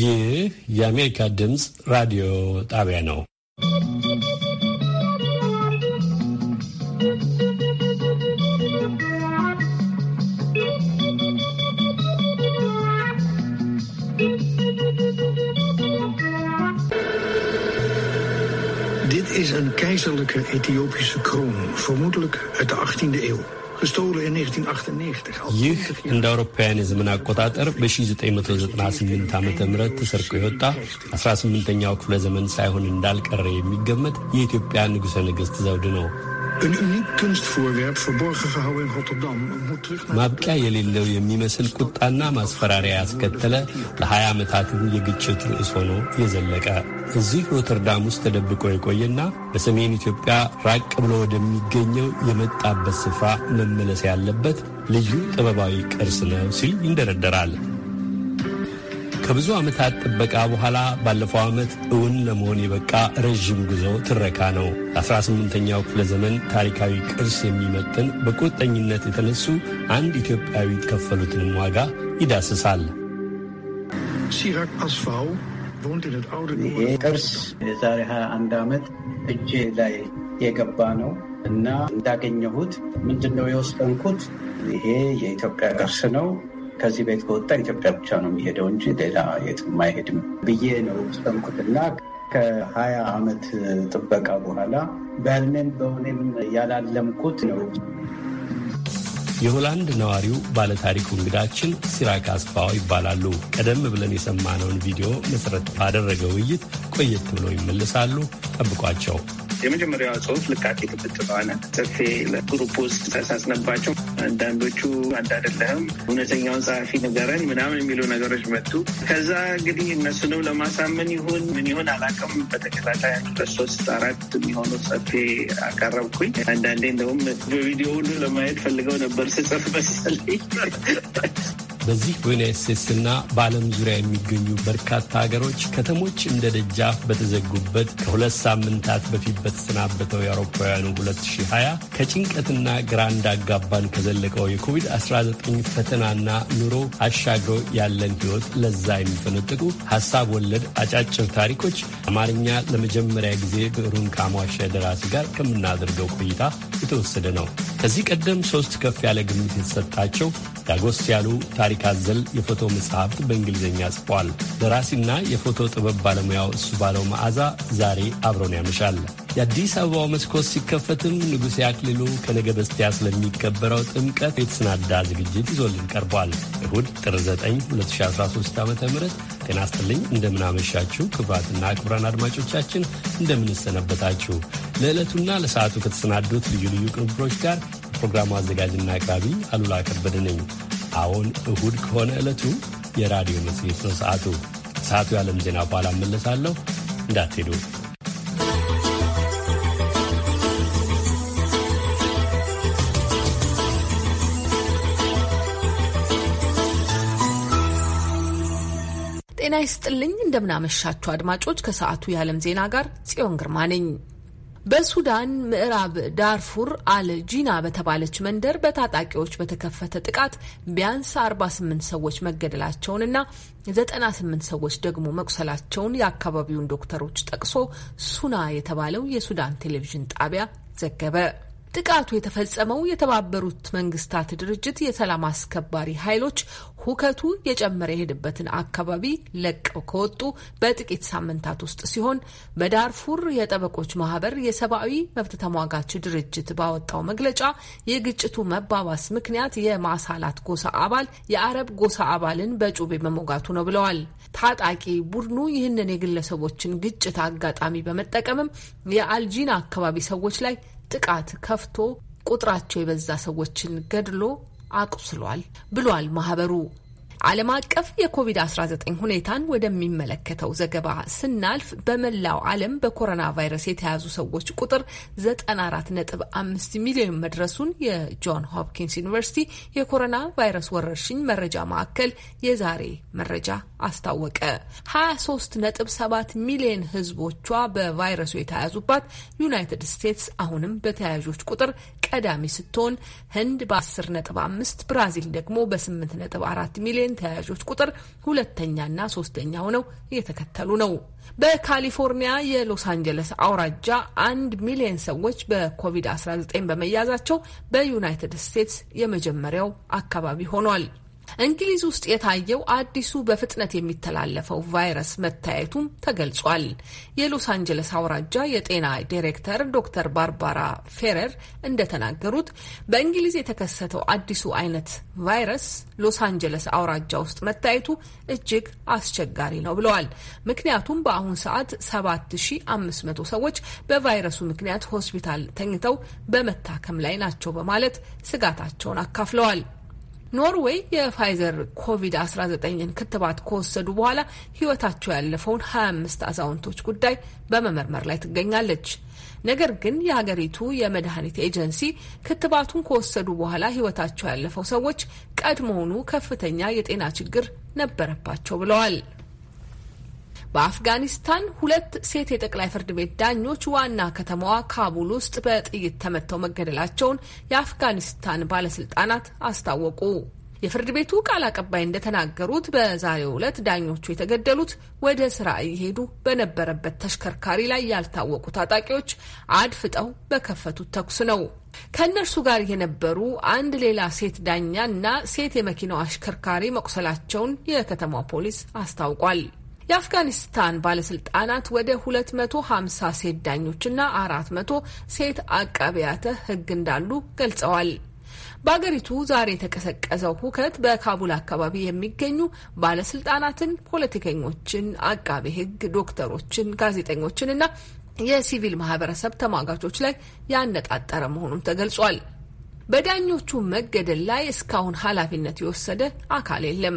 ይህ የአሜሪካ ድምፅ ራዲዮ ጣቢያ ነው። Dit is een keizerlijke Ethiopische kroon, vermoedelijk uit de 18e eeuw. gestolen in 1998. ይህ እንደ አውሮፓውያን የዘመን አቆጣጠር በ1998 ዓ ም ተሰርቆ የወጣ 18ኛው ክፍለ ዘመን ሳይሆን እንዳልቀረ የሚገመት የኢትዮጵያ ንጉሠ ነገሥት ዘውድ ነው። ማብቂያ የሌለው የሚመስል ቁጣና ማስፈራሪያ ያስከተለ ለ20 ዓመታት የግጭት ርዕስ ሆኖ የዘለቀ እዚህ ሮተርዳም ውስጥ ተደብቆ የቆየና በሰሜን ኢትዮጵያ ራቅ ብሎ ወደሚገኘው የመጣበት ስፍራ መመለስ ያለበት ልዩ ጥበባዊ ቅርስ ነው ሲል ይንደረደራል። ከብዙ ዓመታት ጥበቃ በኋላ ባለፈው ዓመት እውን ለመሆን የበቃ ረዥም ጉዞ ትረካ ነው። ለ18ኛው ክፍለ ዘመን ታሪካዊ ቅርስ የሚመጥን በቁርጠኝነት የተነሱ አንድ ኢትዮጵያዊ የከፈሉትንም ዋጋ ይዳስሳል። ሲራክ አስፋው ይህ ቅርስ የዛሬ 21 ዓመት እጄ ላይ የገባ ነው። እና እንዳገኘሁት ምንድነው የወሰንኩት፣ ይሄ የኢትዮጵያ ቅርስ ነው። ከዚህ ቤት ከወጣ ኢትዮጵያ ብቻ ነው የሚሄደው እንጂ ሌላ የትም አይሄድም ብዬ ነው እና ከሀያ ዓመት ጥበቃ በኋላ በህልሜም በሆኔም ያላለምኩት ነው። የሆላንድ ነዋሪው ባለታሪኩ እንግዳችን ሲራክ አስፋው ይባላሉ። ቀደም ብለን የሰማነውን ቪዲዮ መሰረት ባደረገ ውይይት ቆየት ብለው ይመልሳሉ። ጠብቋቸው። የመጀመሪያ ጽሁፍ ልካት ትብትበዋነ ጽፌ ለግሩፕ ውስጥ ተሳስነባቸው። አንዳንዶቹ አንድ አንዳደለህም እውነተኛውን ጸሐፊ ንገረን ምናምን የሚሉ ነገሮች መጡ። ከዛ እንግዲህ እነሱንም ለማሳመን ይሁን ምን ይሁን አላውቅም። በተከታታይ በሶስት አራት የሚሆኑ ጽፌ አቀረብኩኝ። አንዳንዴ እንደውም በቪዲዮ ሁሉ ለማየት ፈልገው ነበር ስጽፍ መሰለኝ በዚህ በዩናይት ስቴትስና በዓለም ዙሪያ የሚገኙ በርካታ ሀገሮች ከተሞች እንደ ደጃፍ በተዘጉበት ከሁለት ሳምንታት በፊት በተሰናበተው የአውሮፓውያኑ 2020 ከጭንቀትና ግራ እንዳጋባን ከዘለቀው የኮቪድ-19 ፈተናና ኑሮ አሻግሮ ያለን ሕይወት ለዛ የሚፈነጥቁ ሀሳብ ወለድ አጫጭር ታሪኮች አማርኛ ለመጀመሪያ ጊዜ ብዕሩን ካሟሸ ደራሲ ጋር ከምናደርገው ቆይታ የተወሰደ ነው። ከዚህ ቀደም ሶስት ከፍ ያለ ግምት የተሰጣቸው ዳጎስ ያሉ ታሪክ ታሪክ አዘል የፎቶ መጽሐፍት በእንግሊዝኛ ጽፏል። ደራሲና የፎቶ ጥበብ ባለሙያው እሱ ባለው መዓዛ ዛሬ አብሮን ያመሻል። የአዲስ አበባው መስኮት ሲከፈትም ንጉሴ አክሊሉ ከነገ በስቲያ ስለሚከበረው ጥምቀት የተሰናዳ ዝግጅት ይዞልን ቀርቧል። እሁድ ጥር 9 2013 ዓ ም ጤና ይስጥልኝ። እንደምናመሻችሁ ክቡራትና ክቡራን አድማጮቻችን እንደምንሰነበታችሁ። ለዕለቱና ለሰዓቱ ከተሰናዱት ልዩ ልዩ ቅንብሮች ጋር የፕሮግራሙ አዘጋጅና አቅራቢ አሉላ ከበደ ነኝ። አሁን እሁድ ከሆነ ዕለቱ የራዲዮ መጽሔት ነው። ሰዓቱ ሰዓቱ የዓለም ዜና በኋላ እመለሳለሁ፣ እንዳትሄዱ። ጤና ይስጥልኝ። እንደምናመሻችሁ አድማጮች፣ ከሰዓቱ የዓለም ዜና ጋር ጽዮን ግርማ ነኝ። በሱዳን ምዕራብ ዳርፉር አል ጂና በተባለች መንደር በታጣቂዎች በተከፈተ ጥቃት ቢያንስ 48 ሰዎች መገደላቸውንና 98 ሰዎች ደግሞ መቁሰላቸውን የአካባቢውን ዶክተሮች ጠቅሶ ሱና የተባለው የሱዳን ቴሌቪዥን ጣቢያ ዘገበ። ጥቃቱ የተፈጸመው የተባበሩት መንግስታት ድርጅት የሰላም አስከባሪ ኃይሎች ሁከቱ የጨመረ የሄደበትን አካባቢ ለቀው ከወጡ በጥቂት ሳምንታት ውስጥ ሲሆን በዳርፉር የጠበቆች ማህበር የሰብአዊ መብት ተሟጋች ድርጅት ባወጣው መግለጫ የግጭቱ መባባስ ምክንያት የማሳላት ጎሳ አባል የአረብ ጎሳ አባልን በጩቤ መሞጋቱ ነው ብለዋል። ታጣቂ ቡድኑ ይህንን የግለሰቦችን ግጭት አጋጣሚ በመጠቀምም የአልጂና አካባቢ ሰዎች ላይ ጥቃት ከፍቶ ቁጥራቸው የበዛ ሰዎችን ገድሎ አቁስሏል ብሏል ማህበሩ። ዓለም አቀፍ የኮቪድ-19 ሁኔታን ወደሚመለከተው ዘገባ ስናልፍ በመላው ዓለም በኮሮና ቫይረስ የተያዙ ሰዎች ቁጥር 94.5 ሚሊዮን መድረሱን የጆን ሆፕኪንስ ዩኒቨርሲቲ የኮሮና ቫይረስ ወረርሽኝ መረጃ ማዕከል የዛሬ መረጃ አስታወቀ። 23.7 ሚሊዮን ህዝቦቿ በቫይረሱ የተያዙባት ዩናይትድ ስቴትስ አሁንም በተያዦች ቁጥር ቀዳሚ ስትሆን ህንድ በ10.5፣ ብራዚል ደግሞ በ8.4 ሚሊዮን ዩክሬን ተያዦች ቁጥር ሁለተኛና ሶስተኛ ሆነው እየተከተሉ ነው። በካሊፎርኒያ የሎስ አንጀለስ አውራጃ አንድ ሚሊዮን ሰዎች በኮቪድ-19 በመያዛቸው በዩናይትድ ስቴትስ የመጀመሪያው አካባቢ ሆኗል። እንግሊዝ ውስጥ የታየው አዲሱ በፍጥነት የሚተላለፈው ቫይረስ መታየቱም ተገልጿል። የሎስ አንጀለስ አውራጃ የጤና ዲሬክተር ዶክተር ባርባራ ፌረር እንደተናገሩት በእንግሊዝ የተከሰተው አዲሱ አይነት ቫይረስ ሎስ አንጀለስ አውራጃ ውስጥ መታየቱ እጅግ አስቸጋሪ ነው ብለዋል። ምክንያቱም በአሁን ሰዓት 7500 ሰዎች በቫይረሱ ምክንያት ሆስፒታል ተኝተው በመታከም ላይ ናቸው በማለት ስጋታቸውን አካፍለዋል። ኖርዌይ የፋይዘር ኮቪድ-19ን ክትባት ከወሰዱ በኋላ ህይወታቸው ያለፈውን 25 አዛውንቶች ጉዳይ በመመርመር ላይ ትገኛለች። ነገር ግን የሀገሪቱ የመድኃኒት ኤጀንሲ ክትባቱን ከወሰዱ በኋላ ህይወታቸው ያለፈው ሰዎች ቀድሞውኑ ከፍተኛ የጤና ችግር ነበረባቸው ብለዋል። በአፍጋኒስታን ሁለት ሴት የጠቅላይ ፍርድ ቤት ዳኞች ዋና ከተማዋ ካቡል ውስጥ በጥይት ተመተው መገደላቸውን የአፍጋኒስታን ባለስልጣናት አስታወቁ። የፍርድ ቤቱ ቃል አቀባይ እንደተናገሩት በዛሬው ዕለት ዳኞቹ የተገደሉት ወደ ስራ እየሄዱ በነበረበት ተሽከርካሪ ላይ ያልታወቁ ታጣቂዎች አድፍጠው በከፈቱት ተኩስ ነው። ከእነርሱ ጋር የነበሩ አንድ ሌላ ሴት ዳኛ እና ሴት የመኪናው አሽከርካሪ መቁሰላቸውን የከተማው ፖሊስ አስታውቋል። የአፍጋኒስታን ባለስልጣናት ወደ 250 ሴት ዳኞችና 400 ሴት አቃቢያተ ሕግ እንዳሉ ገልጸዋል። በአገሪቱ ዛሬ የተቀሰቀሰው ሁከት በካቡል አካባቢ የሚገኙ ባለስልጣናትን፣ ፖለቲከኞችን፣ አቃቤ ህግ፣ ዶክተሮችን፣ ጋዜጠኞችንና የሲቪል ማህበረሰብ ተሟጋቾች ላይ ያነጣጠረ መሆኑም ተገልጿል። በዳኞቹ መገደል ላይ እስካሁን ኃላፊነት የወሰደ አካል የለም።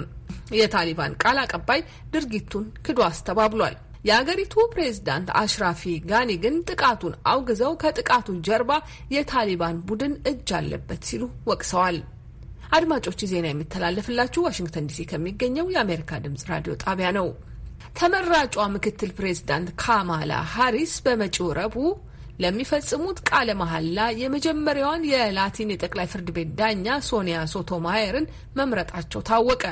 የታሊባን ቃል አቀባይ ድርጊቱን ክዶ አስተባብሏል። የአገሪቱ ፕሬዝዳንት አሽራፊ ጋኒ ግን ጥቃቱን አውግዘው ከጥቃቱ ጀርባ የታሊባን ቡድን እጅ አለበት ሲሉ ወቅሰዋል። አድማጮች፣ ዜና የሚተላለፍላችሁ ዋሽንግተን ዲሲ ከሚገኘው የአሜሪካ ድምጽ ራዲዮ ጣቢያ ነው። ተመራጯ ምክትል ፕሬዝዳንት ካማላ ሃሪስ በመጪው ረቡዕ ለሚፈጽሙት ቃለ መሐላ የመጀመሪያዋን የላቲን የጠቅላይ ፍርድ ቤት ዳኛ ሶኒያ ሶቶማየርን መምረጣቸው ታወቀ።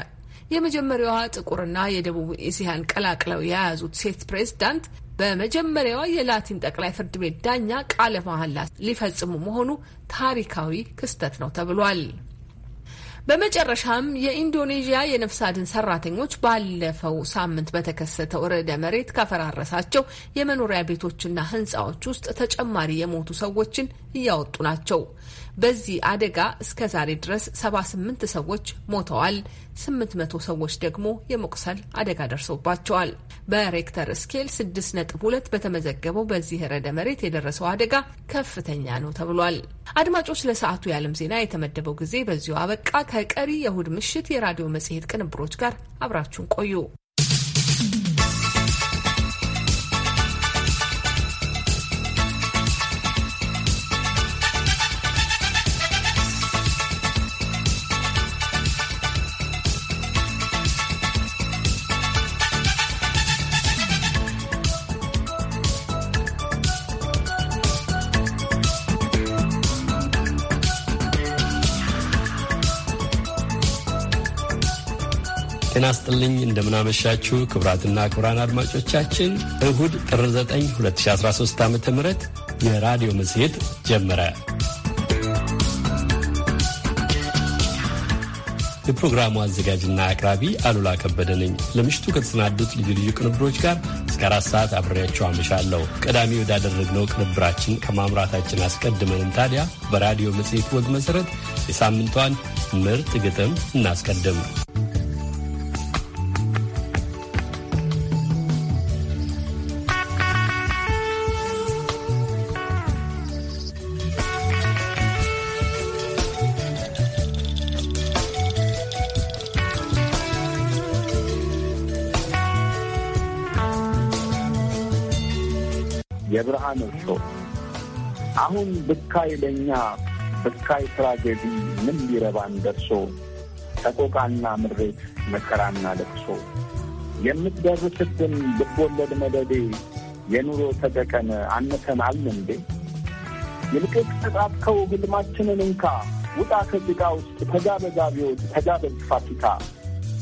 የመጀመሪያዋ ጥቁርና የደቡብ ኤስያን ቀላቅለው የያዙት ሴት ፕሬዝዳንት በመጀመሪያዋ የላቲን ጠቅላይ ፍርድ ቤት ዳኛ ቃለ መሐላ ሊፈጽሙ መሆኑ ታሪካዊ ክስተት ነው ተብሏል። በመጨረሻም የኢንዶኔዥያ የነፍስ አድን ሰራተኞች ባለፈው ሳምንት በተከሰተው ርዕደ መሬት ካፈራረሳቸው የመኖሪያ ቤቶችና ህንፃዎች ውስጥ ተጨማሪ የሞቱ ሰዎችን እያወጡ ናቸው። በዚህ አደጋ እስከ ዛሬ ድረስ 78 ሰዎች ሞተዋል፣ 800 ሰዎች ደግሞ የመቁሰል አደጋ ደርሶባቸዋል። በሬክተር ስኬል 2 በተመዘገበው በዚህ ረደ መሬት የደረሰው አደጋ ከፍተኛ ነው ተብሏል። አድማጮች፣ ለሰዓቱ የዓለም ዜና የተመደበው ጊዜ በዚሁ አበቃ። ከቀሪ የእሁድ ምሽት የራዲዮ መጽሔት ቅንብሮች ጋር አብራችሁን ቆዩ። ጤና ስጥልኝ እንደምናመሻችሁ ክብራትና ክብራን አድማጮቻችን እሁድ ጥር 9 2013 ዓ ም የራዲዮ መጽሔት ጀመረ። የፕሮግራሙ አዘጋጅና አቅራቢ አሉላ ከበደ ነኝ። ለምሽቱ ከተሰናዱት ልዩ ልዩ ቅንብሮች ጋር እስከ አራት ሰዓት አብሬያቸው አመሻለሁ። ቀዳሚ ወዳደረግነው ቅንብራችን ከማምራታችን አስቀድመንም ታዲያ በራዲዮ መጽሔት ወግ መሠረት የሳምንቷን ምርጥ ግጥም እናስቀድም። የብርሃን እርሾ አሁን ብካይ ለእኛ ብካይ ትራጀዲ ምን ሊረባን ደርሶ ተቆቃና ምሬት መከራና ለቅሶ የምትደርስብን ልቦለድ መደዴ የኑሮ ተጠቀነ አነሰን እንዴ ይልቅስ ተጣጥከው ግልማችንን እንካ ውጣ ከጭቃ ውስጥ ተጋበዛቢዎች ተጋበዝ ፋሲካ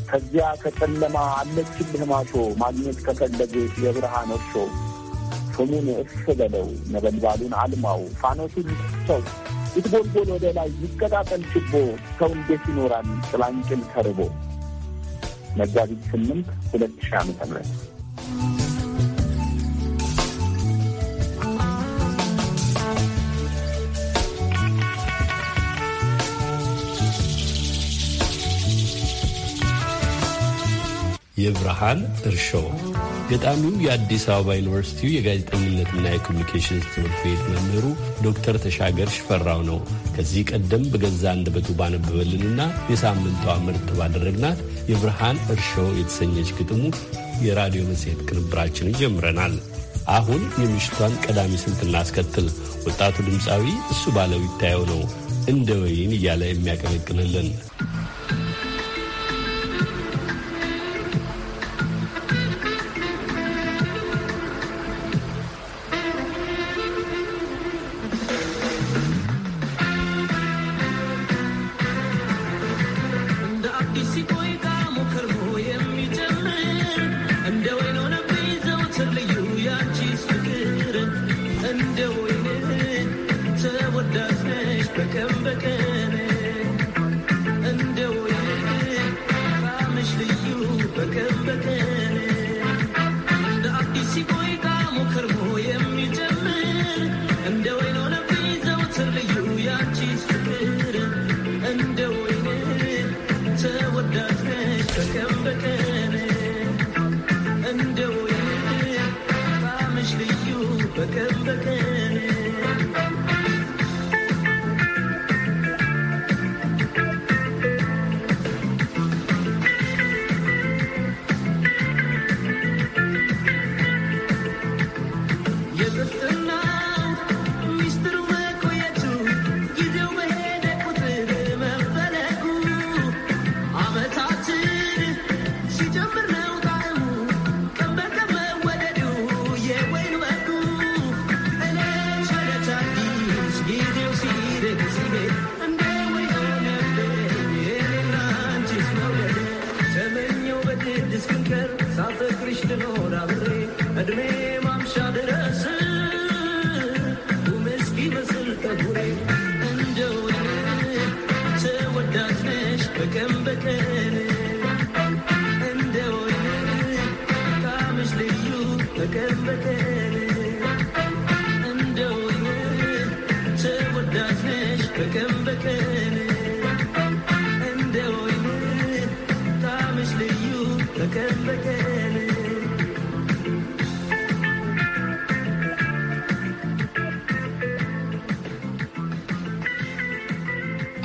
ከዚያ ከጨለማ አለችልህ ማሾ ማግኘት ከፈለገ የብርሃን እርሾ ስሙን እፍ በለው ነበልባሉን አልማው ፋኖሱን ሰው ይትቦልቦል ወደ ላይ ይቀጣጠል ችቦ ሰው እንዴት ይኖራል ጭላንጭል ተርቦ መጋቢት ስምንት ሁለት ሺህ ዓመተ ምህረት የብርሃን እርሾ ገጣሚው የአዲስ አበባ ዩኒቨርሲቲው የጋዜጠኝነትና የኮሚኒኬሽንስ ትምህርት ቤት መምህሩ ዶክተር ተሻገር ሽፈራው ነው። ከዚህ ቀደም በገዛ አንደበቱ ባነበበልንና የሳምንቷ ምርጥ ባደረግናት የብርሃን እርሾ የተሰኘች ግጥሙ የራዲዮ መጽሔት ቅንብራችንን ጀምረናል። አሁን የምሽቷን ቀዳሚ ስልት እናስከትል። ወጣቱ ድምፃዊ እሱ ባለው ይታየው ነው እንደ ወይን እያለ የሚያቀነቅንልን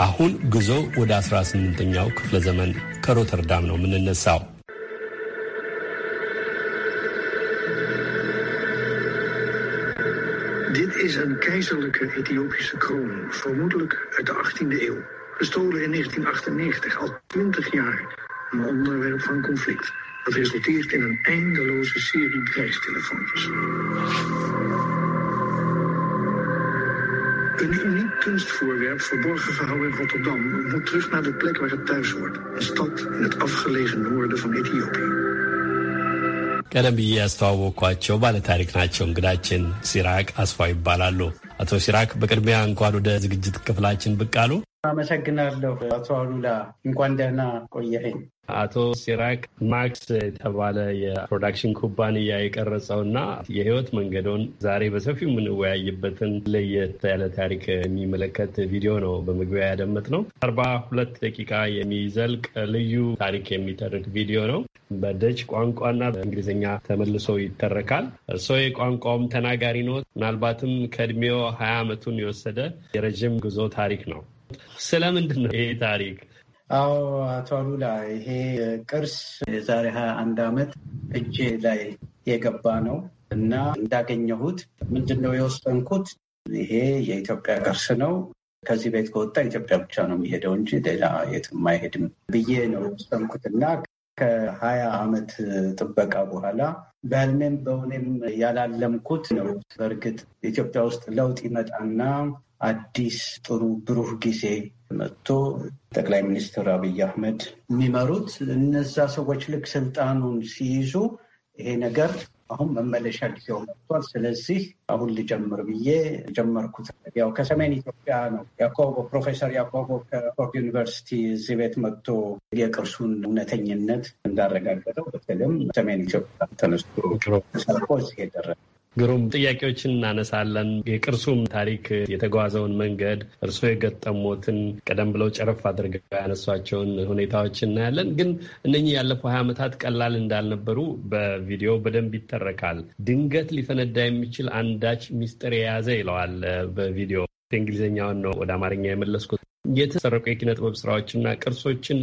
አሁን ጉዞ ወደ 18ኛው ክፍለ ዘመን ከሮተርዳም ነው የምንነሳው። Dit is een keizerlijke Ethiopische kroon, vermoedelijk uit de 18e eeuw. Gestolen in 1998, al 20 jaar een onderwerp van conflict. Dat resulteert in een eindeloze serie dreigtelefoontjes. Een uniek kunstvoorwerp verborgen gehouden in Rotterdam moet terug naar de plek waar het thuis hoort. Een stad in het afgelegen noorden van Ethiopië. ቀደም ብዬ ያስተዋወቅኳቸው ባለታሪክ ናቸው። እንግዳችን ሲራቅ አስፋው ይባላሉ። አቶ ሲራክ በቅድሚያ እንኳን ወደ ዝግጅት ክፍላችን ብቅ አሉ። አመሰግናለሁ አቶ አሉላ፣ እንኳን ደህና ቆየኸኝ። አቶ ሲራክ ማክስ የተባለ የፕሮዳክሽን ኩባንያ የቀረጸውና የህይወት መንገዶን ዛሬ በሰፊው የምንወያይበትን ለየት ያለ ታሪክ የሚመለከት ቪዲዮ ነው በመግቢያ ያደመጥነው። አርባ ሁለት ደቂቃ የሚዘልቅ ልዩ ታሪክ የሚተርክ ቪዲዮ ነው። በደች ቋንቋና በእንግሊዝኛ ተመልሶ ይተረካል። እርስዎ የቋንቋውም ተናጋሪ ነው ምናልባትም ከእድሜው ሀያ ዓመቱን የወሰደ የረዥም ጉዞ ታሪክ ነው። ስለምንድን ነው ይሄ ታሪክ? አዎ አቶ አሉላ ይሄ ቅርስ የዛሬ ሀያ አንድ ዓመት እጄ ላይ የገባ ነው እና እንዳገኘሁት ምንድን ነው የወሰንኩት ይሄ የኢትዮጵያ ቅርስ ነው ከዚህ ቤት ከወጣ ኢትዮጵያ ብቻ ነው የሚሄደው እንጂ ሌላ የትም አይሄድም ብዬ ነው የወሰንኩት እና ከሀያ ዓመት ጥበቃ በኋላ በህልሜም በሆኔም ያላለምኩት ነው። በእርግጥ ኢትዮጵያ ውስጥ ለውጥ ይመጣና አዲስ ጥሩ ብሩህ ጊዜ መጥቶ ጠቅላይ ሚኒስትር አብይ አህመድ የሚመሩት እነዛ ሰዎች ልክ ስልጣኑን ሲይዙ ይሄ ነገር አሁን መመለሻ ጊዜው መጥቷል። ስለዚህ አሁን ልጀምር ብዬ ጀመርኩት። ያው ከሰሜን ኢትዮጵያ ነው ያዕቆብ ፕሮፌሰር ያዕቆብ ከኦርድ ዩኒቨርሲቲ እዚህ ቤት መጥቶ የቅርሱን እውነተኝነት እንዳረጋገጠው በተለይም ሰሜን ኢትዮጵያ ተነስቶ ሰርቆ እዚህ የደረሰ ግሩም ጥያቄዎችን እናነሳለን። የቅርሱም ታሪክ የተጓዘውን መንገድ እርስዎ የገጠሙትን ቀደም ብለው ጨረፍ አድርገው ያነሷቸውን ሁኔታዎች እናያለን። ግን እነኚህ ያለፈው ሀያ ዓመታት ቀላል እንዳልነበሩ በቪዲዮ በደንብ ይተረካል። ድንገት ሊፈነዳ የሚችል አንዳች ሚስጥር የያዘ ይለዋል በቪዲዮ። እንግሊዝኛውን ነው ወደ አማርኛ የመለስኩት። የተሰረቁ የኪነ ጥበብ ስራዎችና ቅርሶችን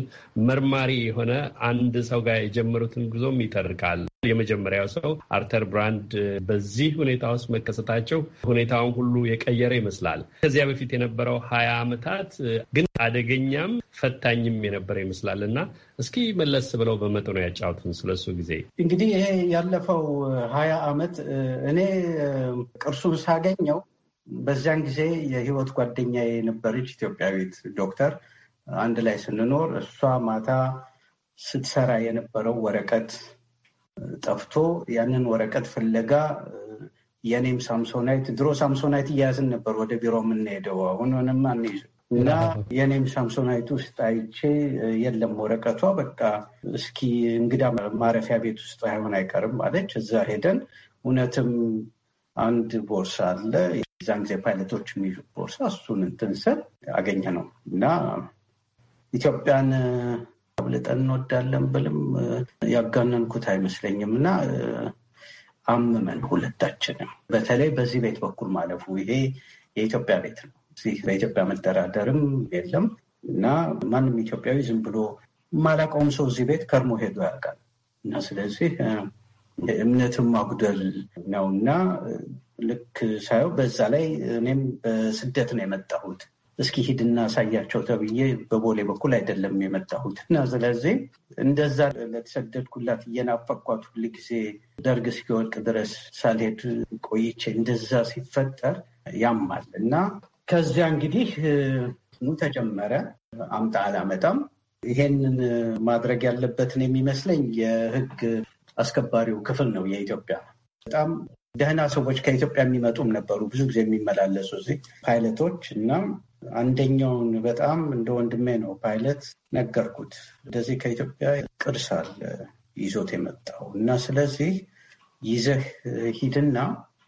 መርማሪ የሆነ አንድ ሰው ጋር የጀመሩትን ጉዞም ይተርካል። የመጀመሪያው ሰው አርተር ብራንድ በዚህ ሁኔታ ውስጥ መከሰታቸው ሁኔታውን ሁሉ የቀየረ ይመስላል። ከዚያ በፊት የነበረው ሀያ ዓመታት ግን አደገኛም ፈታኝም የነበረ ይመስላል እና እስኪ መለስ ብለው በመጠኑ ያጫወቱን ስለሱ ጊዜ። እንግዲህ ይሄ ያለፈው ሀያ ዓመት እኔ ቅርሱን ሳገኘው በዚያን ጊዜ የህይወት ጓደኛ የነበረች ኢትዮጵያዊት ዶክተር አንድ ላይ ስንኖር እሷ ማታ ስትሰራ የነበረው ወረቀት ጠፍቶ ያንን ወረቀት ፍለጋ የኔም ሳምሶናይት ድሮ ሳምሶናይት እያያዝን ነበር ወደ ቢሮ የምንሄደው፣ አሁን ሆነም አንይዝም እና የኔም ሳምሶናይት ውስጥ አይቼ የለም ወረቀቷ፣ በቃ እስኪ እንግዳ ማረፊያ ቤት ውስጥ አይሆን አይቀርም አለች። እዛ ሄደን እውነትም አንድ ቦርሳ አለ የዛን ጊዜ ፓይለቶች የሚይዙት ቦርሳ እሱን እንትን ስል አገኘ ነው እና ኢትዮጵያን አብልጠን እንወዳለን ብልም ያጋነንኩት አይመስለኝም እና አምመን ሁለታችንም በተለይ በዚህ ቤት በኩል ማለፉ ይሄ የኢትዮጵያ ቤት ነው። እዚህ በኢትዮጵያ መደራደርም የለም እና ማንም ኢትዮጵያዊ ዝም ብሎ ማላውቀውም ሰው እዚህ ቤት ከርሞ ሄዶ ያውቃል እና ስለዚህ እምነትን ማጉደል ነው እና ልክ ሳየው በዛ ላይ እኔም በስደት ነው የመጣሁት። እስኪ ሂድ እናሳያቸው ተብዬ በቦሌ በኩል አይደለም የመጣሁት እና ስለዚህ እንደዛ ለተሰደድኩላት እየናፈኳት ሁል ጊዜ ደርግ እስኪወድቅ ድረስ ሳልሄድ ቆይቼ እንደዛ ሲፈጠር ያማል እና ከዚያ እንግዲህ ኑ ተጀመረ። አምጣ አላመጣም ይሄንን ማድረግ ያለበትን የሚመስለኝ የህግ አስከባሪው ክፍል ነው የኢትዮጵያ በጣም ደህና ሰዎች ከኢትዮጵያ የሚመጡም ነበሩ። ብዙ ጊዜ የሚመላለሱ እዚህ ፓይለቶች እና አንደኛውን በጣም እንደ ወንድሜ ነው ፓይለት ነገርኩት። እንደዚህ ከኢትዮጵያ ቅርስ አለ ይዞት የመጣው እና ስለዚህ ይዘህ ሂድና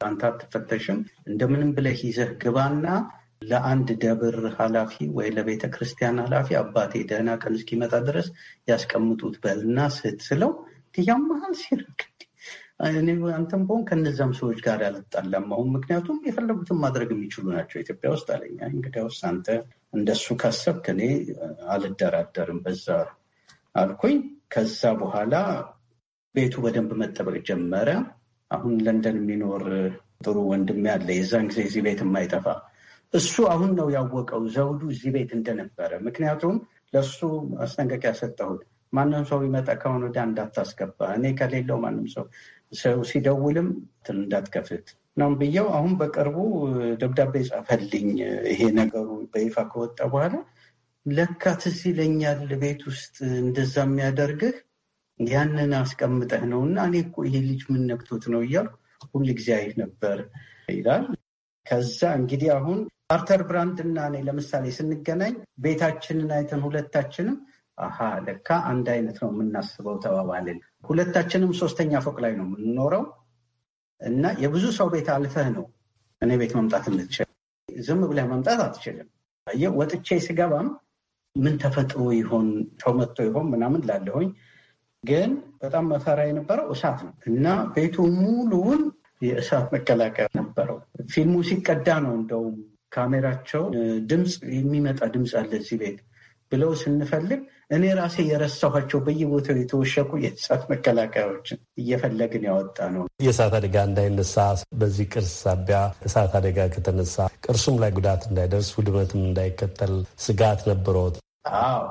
አንተ አትፈተሽም፣ እንደምንም ብለህ ይዘህ ግባና ለአንድ ደብር ኃላፊ ወይ ለቤተ ክርስቲያን ኃላፊ አባቴ ደህና ቀን እስኪመጣ ድረስ ያስቀምጡት በልና ስት ስለው ያመሃል ሲርቅ አንተም በሆን ከነዚም ሰዎች ጋር አልጣላም። አሁን ምክንያቱም የፈለጉትን ማድረግ የሚችሉ ናቸው ኢትዮጵያ ውስጥ አለኛ። እንግዲያውስ አንተ እንደሱ ካሰብክ እኔ አልደራደርም በዛ አልኩኝ። ከዛ በኋላ ቤቱ በደንብ መጠበቅ ጀመረ። አሁን ለንደን የሚኖር ጥሩ ወንድም ያለ የዛን ጊዜ እዚህ ቤት የማይጠፋ እሱ አሁን ነው ያወቀው ዘውዱ እዚህ ቤት እንደነበረ። ምክንያቱም ለእሱ ማስጠንቀቂያ ሰጠሁት። ማንም ሰው ይመጣ ከሆነ ወዲያ እንዳታስገባ፣ እኔ ከሌለው ማንም ሰው ሰው ሲደውልም እንዳትከፍት ናም ብዬው አሁን በቅርቡ ደብዳቤ ጻፈልኝ። ይሄ ነገሩ በይፋ ከወጣ በኋላ ለካ ትዝ ይለኛል ቤት ውስጥ እንደዛ የሚያደርግህ ያንን አስቀምጠህ ነው እና እኔ እኮ ይሄ ልጅ ምን ነክቶት ነው እያልኩ ሁል ጊዜ አይህ ነበር ይላል። ከዛ እንግዲህ አሁን አርተር ብራንድ እና እኔ ለምሳሌ ስንገናኝ ቤታችንን አይተን ሁለታችንም አሀ ለካ አንድ አይነት ነው የምናስበው ተባባልን። ሁለታችንም ሶስተኛ ፎቅ ላይ ነው የምንኖረው እና የብዙ ሰው ቤት አልፈህ ነው እኔ ቤት መምጣት የምትችል። ዝም ብለህ መምጣት አትችልም። ወጥቼ ስገባም ምን ተፈጥሮ ይሆን ሰው መጥቶ ይሆን ምናምን ላለሆኝ ግን በጣም መፈራ የነበረው እሳት ነው እና ቤቱ ሙሉውን የእሳት መቀላቀል ነበረው። ፊልሙ ሲቀዳ ነው እንደውም ካሜራቸው ድምፅ የሚመጣ ድምፅ አለ እዚህ ቤት ብለው ስንፈልግ እኔ ራሴ የረሳኋቸው በየቦታው የተወሸቁ የእሳት መከላከያዎችን እየፈለግን ያወጣ ነው። የእሳት አደጋ እንዳይነሳ በዚህ ቅርስ ሳቢያ እሳት አደጋ ከተነሳ ቅርሱም ላይ ጉዳት እንዳይደርስ ውድመትም እንዳይከተል ስጋት ነበረት አዎ፣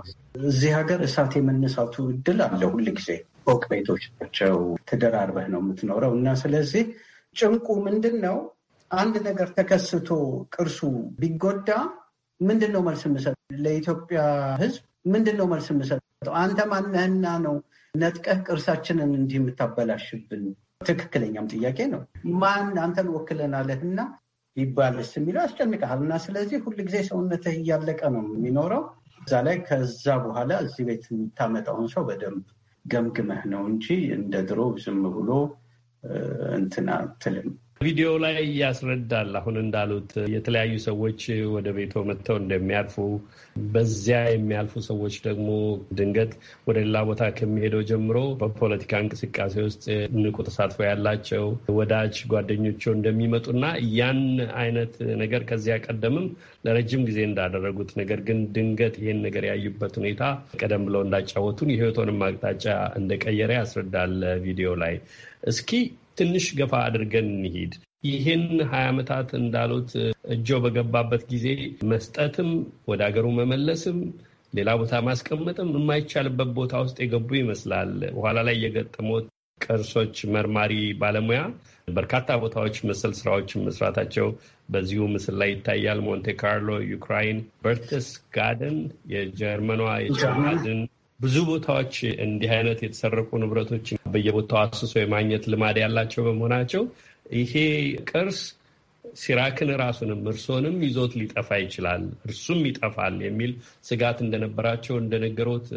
እዚህ ሀገር እሳት የመነሳቱ እድል አለ። ጊዜ ፎቅ ቤቶች ናቸው፣ ተደራርበህ ነው የምትኖረው እና ስለዚህ ጭንቁ ምንድን ነው አንድ ነገር ተከስቶ ቅርሱ ቢጎዳ ምንድን ነው መልስ የምሰጠው? ለኢትዮጵያ ህዝብ ምንድን ነው መልስ የምሰጠው? አንተ ማነህና ነው ነጥቀህ ቅርሳችንን እንዲህ የምታበላሽብን? ትክክለኛም ጥያቄ ነው። ማን አንተን ወክለናለህና ይባልስ የሚለው ያስጨንቀሃል። እና ስለዚህ ሁልጊዜ ሰውነትህ እያለቀ ነው የሚኖረው። እዛ ላይ ከዛ በኋላ እዚህ ቤት የምታመጣውን ሰው በደንብ ገምግመህ ነው እንጂ እንደ ድሮ ዝም ብሎ እንትና አትልም። ቪዲዮ ላይ ያስረዳል። አሁን እንዳሉት የተለያዩ ሰዎች ወደ ቤቶ መጥተው እንደሚያልፉ በዚያ የሚያልፉ ሰዎች ደግሞ ድንገት ወደ ሌላ ቦታ ከሚሄደው ጀምሮ በፖለቲካ እንቅስቃሴ ውስጥ ንቁ ተሳትፎ ያላቸው ወዳጅ ጓደኞቸው እንደሚመጡና ያን አይነት ነገር ከዚያ ቀደምም ለረጅም ጊዜ እንዳደረጉት ነገር ግን ድንገት ይሄን ነገር ያዩበት ሁኔታ ቀደም ብለው እንዳጫወቱን የህይወቶንም አቅጣጫ እንደቀየረ ያስረዳል ቪዲዮ ላይ እስኪ ትንሽ ገፋ አድርገን እንሂድ። ይህን ሀያ ዓመታት እንዳሉት እጆ በገባበት ጊዜ መስጠትም ወደ አገሩ መመለስም ሌላ ቦታ ማስቀመጥም የማይቻልበት ቦታ ውስጥ የገቡ ይመስላል። በኋላ ላይ የገጠሙት ቅርሶች መርማሪ ባለሙያ በርካታ ቦታዎች መሰል ስራዎችን መስራታቸው በዚሁ ምስል ላይ ይታያል። ሞንቴ ካርሎ፣ ዩክራይን፣ በርትስ ጋደን፣ የጀርመኗ የቻድን ብዙ ቦታዎች እንዲህ አይነት የተሰረቁ ንብረቶች በየቦታው አስሶ የማግኘት ልማድ ያላቸው በመሆናቸው ይሄ ቅርስ ሲራክን ራሱንም እርሶንም ይዞት ሊጠፋ ይችላል፣ እርሱም ይጠፋል የሚል ስጋት እንደነበራቸው እንደነገሩት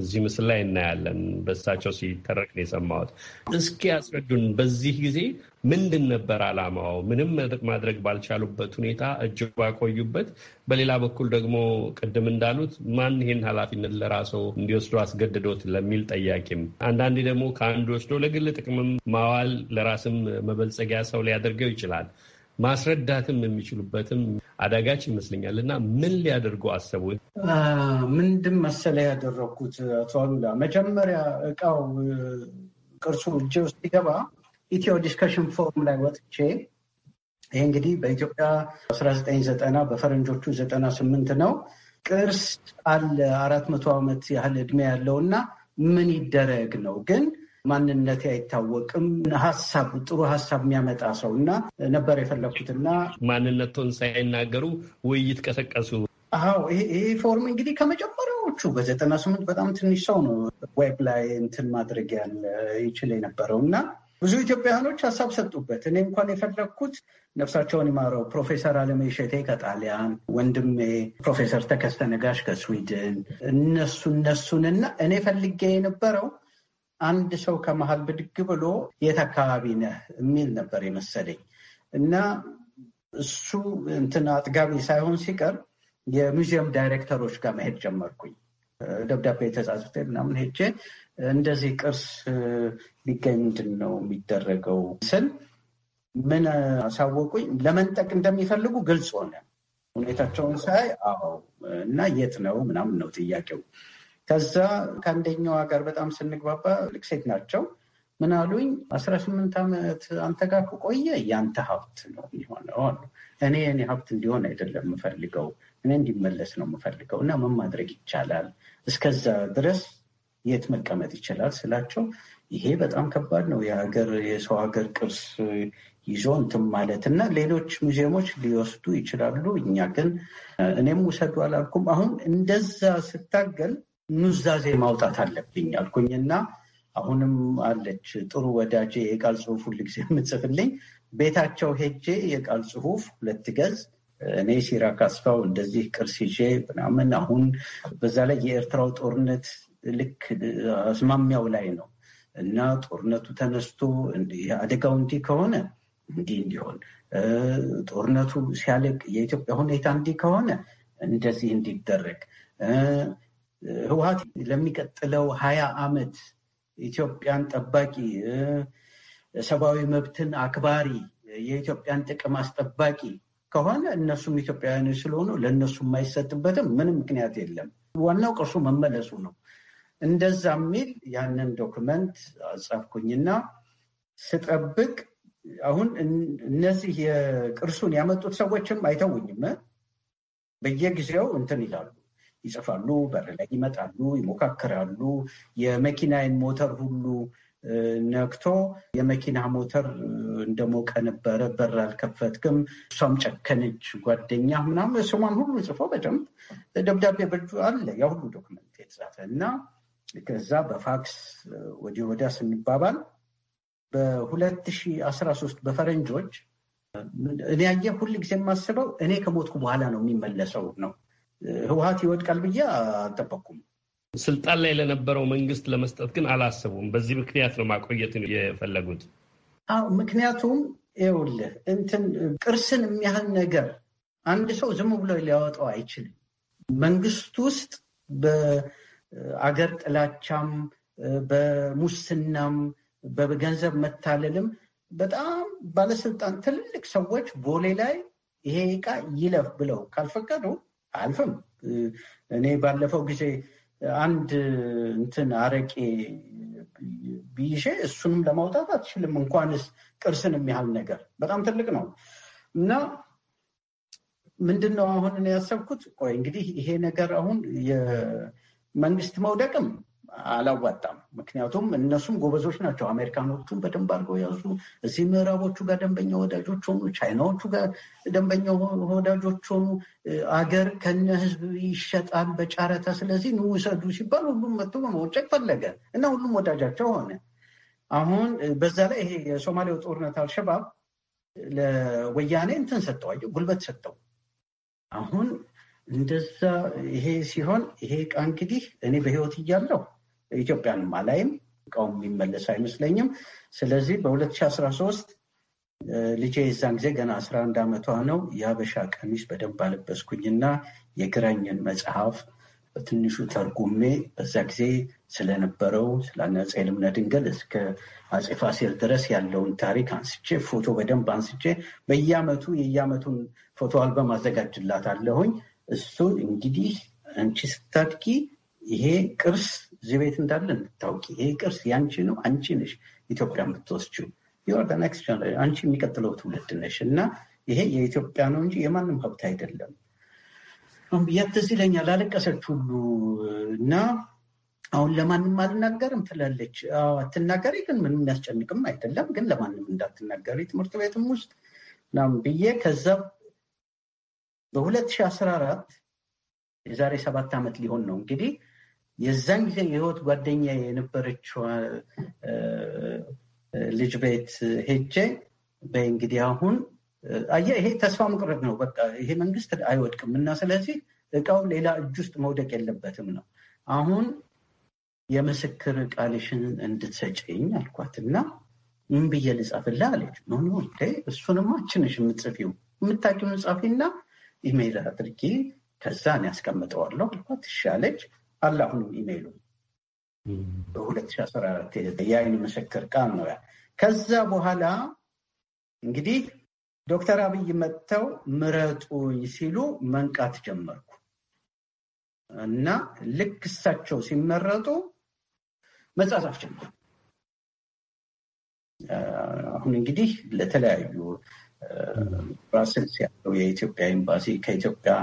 እዚህ ምስል ላይ እናያለን። በእሳቸው ሲተረክ ነው የሰማሁት። እስኪ ያስረዱን። በዚህ ጊዜ ምንድን ነበር አላማው? ምንም ማድረግ ባልቻሉበት ሁኔታ እጅ ባቆዩበት፣ በሌላ በኩል ደግሞ ቅድም እንዳሉት ማን ይህን ኃላፊነት ለራስዎ እንዲወስዱ አስገድዶት ለሚል ጠያቂም፣ አንዳንዴ ደግሞ ከአንድ ወስዶ ለግል ጥቅምም ማዋል ለራስም መበልጸጊያ ሰው ሊያደርገው ይችላል። ማስረዳትም የሚችሉበትም አዳጋች ይመስለኛል። እና ምን ሊያደርጉ አሰቡ? ምንድን መሰለ ያደረግኩት አቶ አሉላ፣ መጀመሪያ እቃው ቅርሱ እጅ ውስጥ ሲገባ ኢትዮ ዲስከሽን ፎርም ላይ ወጥቼ ይህ እንግዲህ በኢትዮጵያ 1990 በፈረንጆቹ 98 ነው። ቅርስ አለ አራት መቶ ዓመት ያህል እድሜ ያለው እና ምን ይደረግ ነው ግን ማንነቴ አይታወቅም። ሀሳብ ጥሩ ሀሳብ የሚያመጣ ሰው እና ነበር የፈለኩትና ማንነቱን ሳይናገሩ ውይይት ቀሰቀሱ። አዎ ይሄ ፎርም እንግዲህ ከመጀመሪያዎቹ በዘጠና ስምንት በጣም ትንሽ ሰው ነው ዌብ ላይ እንትን ማድረግ ያለ ይችል የነበረው እና ብዙ ኢትዮጵያውያኖች ሀሳብ ሰጡበት። እኔ እንኳን የፈለግኩት ነፍሳቸውን ይማረው ፕሮፌሰር አለሜ ሸቴ ከጣሊያን፣ ወንድሜ ፕሮፌሰር ተከስተ ነጋሽ ከስዊድን እነሱ እነሱንና እኔ ፈልጌ የነበረው አንድ ሰው ከመሀል ብድግ ብሎ የት አካባቢ ነህ የሚል ነበር የመሰለኝ እና እሱ እንትን አጥጋቢ ሳይሆን ሲቀር የሙዚየም ዳይሬክተሮች ጋር መሄድ ጀመርኩኝ። ደብዳቤ ተጻጽፌ ምናምን ሄጄ እንደዚህ ቅርስ ቢገኝ ምንድን ነው የሚደረገው ስል ምን አሳወቁኝ። ለመንጠቅ እንደሚፈልጉ ግልጽ ሆነ። ሁኔታቸውን ሳይ አዎ፣ እና የት ነው ምናምን ነው ጥያቄው። ከዛ ከአንደኛው ጋር በጣም ስንግባባ ልቅ ሴት ናቸው ምን አሉኝ፣ አስራ ስምንት ዓመት አንተ ጋር ከቆየ ያንተ ሀብት ነው የሚሆነው። እኔ እኔ ሀብት እንዲሆን አይደለም የምፈልገው፣ እኔ እንዲመለስ ነው የምፈልገው። እና ምን ማድረግ ይቻላል? እስከዛ ድረስ የት መቀመጥ ይችላል ስላቸው፣ ይሄ በጣም ከባድ ነው የሀገር የሰው ሀገር ቅርስ ይዞ እንትን ማለት እና ሌሎች ሙዚየሞች ሊወስዱ ይችላሉ። እኛ ግን እኔም ውሰዱ አላልኩም። አሁን እንደዛ ስታገል ኑዛዜ ማውጣት አለብኝ አልኩኝና አሁንም አለች ጥሩ ወዳጅ የቃል ጽሁፍ ሁልጊዜ የምጽፍልኝ ቤታቸው ሄጄ የቃል ጽሁፍ ሁለት ገጽ እኔ ሲራ ካስፋው እንደዚህ ቅርስ ይዤ ምናምን አሁን በዛ ላይ የኤርትራው ጦርነት ልክ አስማሚያው ላይ ነው እና ጦርነቱ ተነስቶ አደጋው እንዲህ ከሆነ እንዲህ እንዲሆን ጦርነቱ ሲያለቅ የኢትዮጵያ ሁኔታ እንዲህ ከሆነ እንደዚህ እንዲደረግ ህወሀት ለሚቀጥለው ሀያ ዓመት ኢትዮጵያን ጠባቂ፣ ሰብአዊ መብትን አክባሪ፣ የኢትዮጵያን ጥቅም አስጠባቂ ከሆነ እነሱም ኢትዮጵያውያን ስለሆኑ ለእነሱ የማይሰጥበትም ምንም ምክንያት የለም። ዋናው ቅርሱ መመለሱ ነው። እንደዛ የሚል ያንን ዶክመንት አጻፍኩኝና ስጠብቅ አሁን እነዚህ የቅርሱን ያመጡት ሰዎችም አይተውኝም። በየጊዜው እንትን ይላሉ ይጽፋሉ፣ በር ላይ ይመጣሉ፣ ይሞካከራሉ። የመኪናዬን ሞተር ሁሉ ነክቶ የመኪና ሞተር እንደሞቀ ነበረ፣ በር አልከፈትክም፣ እሷም ጨከነች፣ ጓደኛ ምናምን ስሟን ሁሉ ጽፎ በደንብ ደብዳቤ በእጁ አለ። ያ ሁሉ ዶክመንት የተጻፈ እና ከዛ በፋክስ ወዲ ወዲያ ስንባባል በ2013 በፈረንጆች እኔ ያየ ሁል ጊዜ የማስበው እኔ ከሞትኩ በኋላ ነው የሚመለሰው ነው ህወሀት ይወድቃል ብዬ አልጠበኩም። ስልጣን ላይ ለነበረው መንግስት ለመስጠት ግን አላሰቡም። በዚህ ምክንያት ነው ማቆየትን የፈለጉት። አዎ ምክንያቱም ይኸውልህ እንትን ቅርስን የሚያህል ነገር አንድ ሰው ዝም ብሎ ሊያወጣው አይችልም። መንግስት ውስጥ በአገር ጥላቻም፣ በሙስናም፣ በገንዘብ መታለልም በጣም ባለስልጣን ትልልቅ ሰዎች ቦሌ ላይ ይሄ እቃ ይለፍ ብለው ካልፈቀዱ አልፍም እኔ ባለፈው ጊዜ አንድ እንትን አረቄ ብይሼ እሱንም ለማውጣት አትችልም፣ እንኳንስ ቅርስን የሚያህል ነገር በጣም ትልቅ ነው እና ምንድን ነው አሁን ያሰብኩት? ቆይ እንግዲህ ይሄ ነገር አሁን የመንግስት መውደቅም አላዋጣም። ምክንያቱም እነሱም ጎበዞች ናቸው። አሜሪካኖቹን በደንብ አድርገው ያዙ። እዚህ ምዕራቦቹ ጋር ደንበኛ ወዳጆች ሆኑ፣ ቻይናዎቹ ጋር ደንበኛ ወዳጆች ሆኑ። አገር ከነ ህዝብ ይሸጣል በጨረታ። ስለዚህ ንውሰዱ ሲባል ሁሉም መጥቶ በመውጨቅ ፈለገ እና ሁሉም ወዳጃቸው ሆነ። አሁን በዛ ላይ ይሄ የሶማሌው ጦርነት አልሸባብ ለወያኔ እንትን ሰጠው፣ ጉልበት ሰጠው። አሁን እንደዛ ይሄ ሲሆን ይሄ ቃ እንግዲህ እኔ በህይወት እያለሁ ኢትዮጵያንም አላይም እቃውም የሚመለስ አይመስለኝም። ስለዚህ በ2013 ልጄ የዛን ጊዜ ገና 11 ዓመቷ ነው። የሀበሻ ቀሚስ በደንብ አለበስኩኝና የግራኝን መጽሐፍ በትንሹ ተርጉሜ በዛ ጊዜ ስለነበረው ስለ አፄ ልብነ ድንግል እስከ አፄ ፋሲል ድረስ ያለውን ታሪክ አንስቼ ፎቶ በደንብ አንስቼ በየአመቱ የየዓመቱን ፎቶ አልበም አዘጋጅላት አለሁኝ። እሱ እንግዲህ አንቺ ስታድጊ ይሄ ቅርስ እዚህ ቤት እንዳለ እንድታውቂ፣ ይሄ ቅርስ ያንቺ ነው፣ አንቺ ነሽ ኢትዮጵያ የምትወስችው ዮርዳናክስ አንቺ የሚቀጥለው ትውልድ ነሽ እና ይሄ የኢትዮጵያ ነው እንጂ የማንም ሀብት አይደለም። የትዝ ይለኛል ላለቀሰች ሁሉ እና አሁን ለማንም አልናገርም ትላለች። አትናገሪ ግን ምንም የሚያስጨንቅም አይደለም ግን ለማንም እንዳትናገሪ ትምህርት ቤትም ውስጥ ናም ብዬ ከዛ በ2014 የዛሬ ሰባት ዓመት ሊሆን ነው እንግዲህ የዛን ጊዜ የህይወት ጓደኛ የነበረችው ልጅ ቤት ሄጄ በይ እንግዲህ አሁን አየህ ይሄ ተስፋ መቁረጥ ነው። በቃ ይሄ መንግስት አይወድቅም እና ስለዚህ እቃው ሌላ እጅ ውስጥ መውደቅ የለበትም ነው። አሁን የምስክር ቃልሽን እንድትሰጪኝ አልኳት እና ምን ብዬ ልጻፍላ አለች። ኖኖ እሱንም አችንሽ የምትጽፊው የምታውቂውን ጻፊና ኢሜይል አድርጌ ከዛ እኔ ያስቀምጠዋለሁ አልኳት። እሺ አለች። አላሁ ነው ኢሜይሉ በ2014 የአይን ምስክር ቃል ነው። ከዛ በኋላ እንግዲህ ዶክተር አብይ መጥተው ምረጡኝ ሲሉ መንቃት ጀመርኩ እና ልክ እሳቸው ሲመረጡ መጻጻፍ ጀመርኩ። አሁን እንግዲህ ለተለያዩ ብራስልስ ያለው የኢትዮጵያ ኤምባሲ ከኢትዮጵያ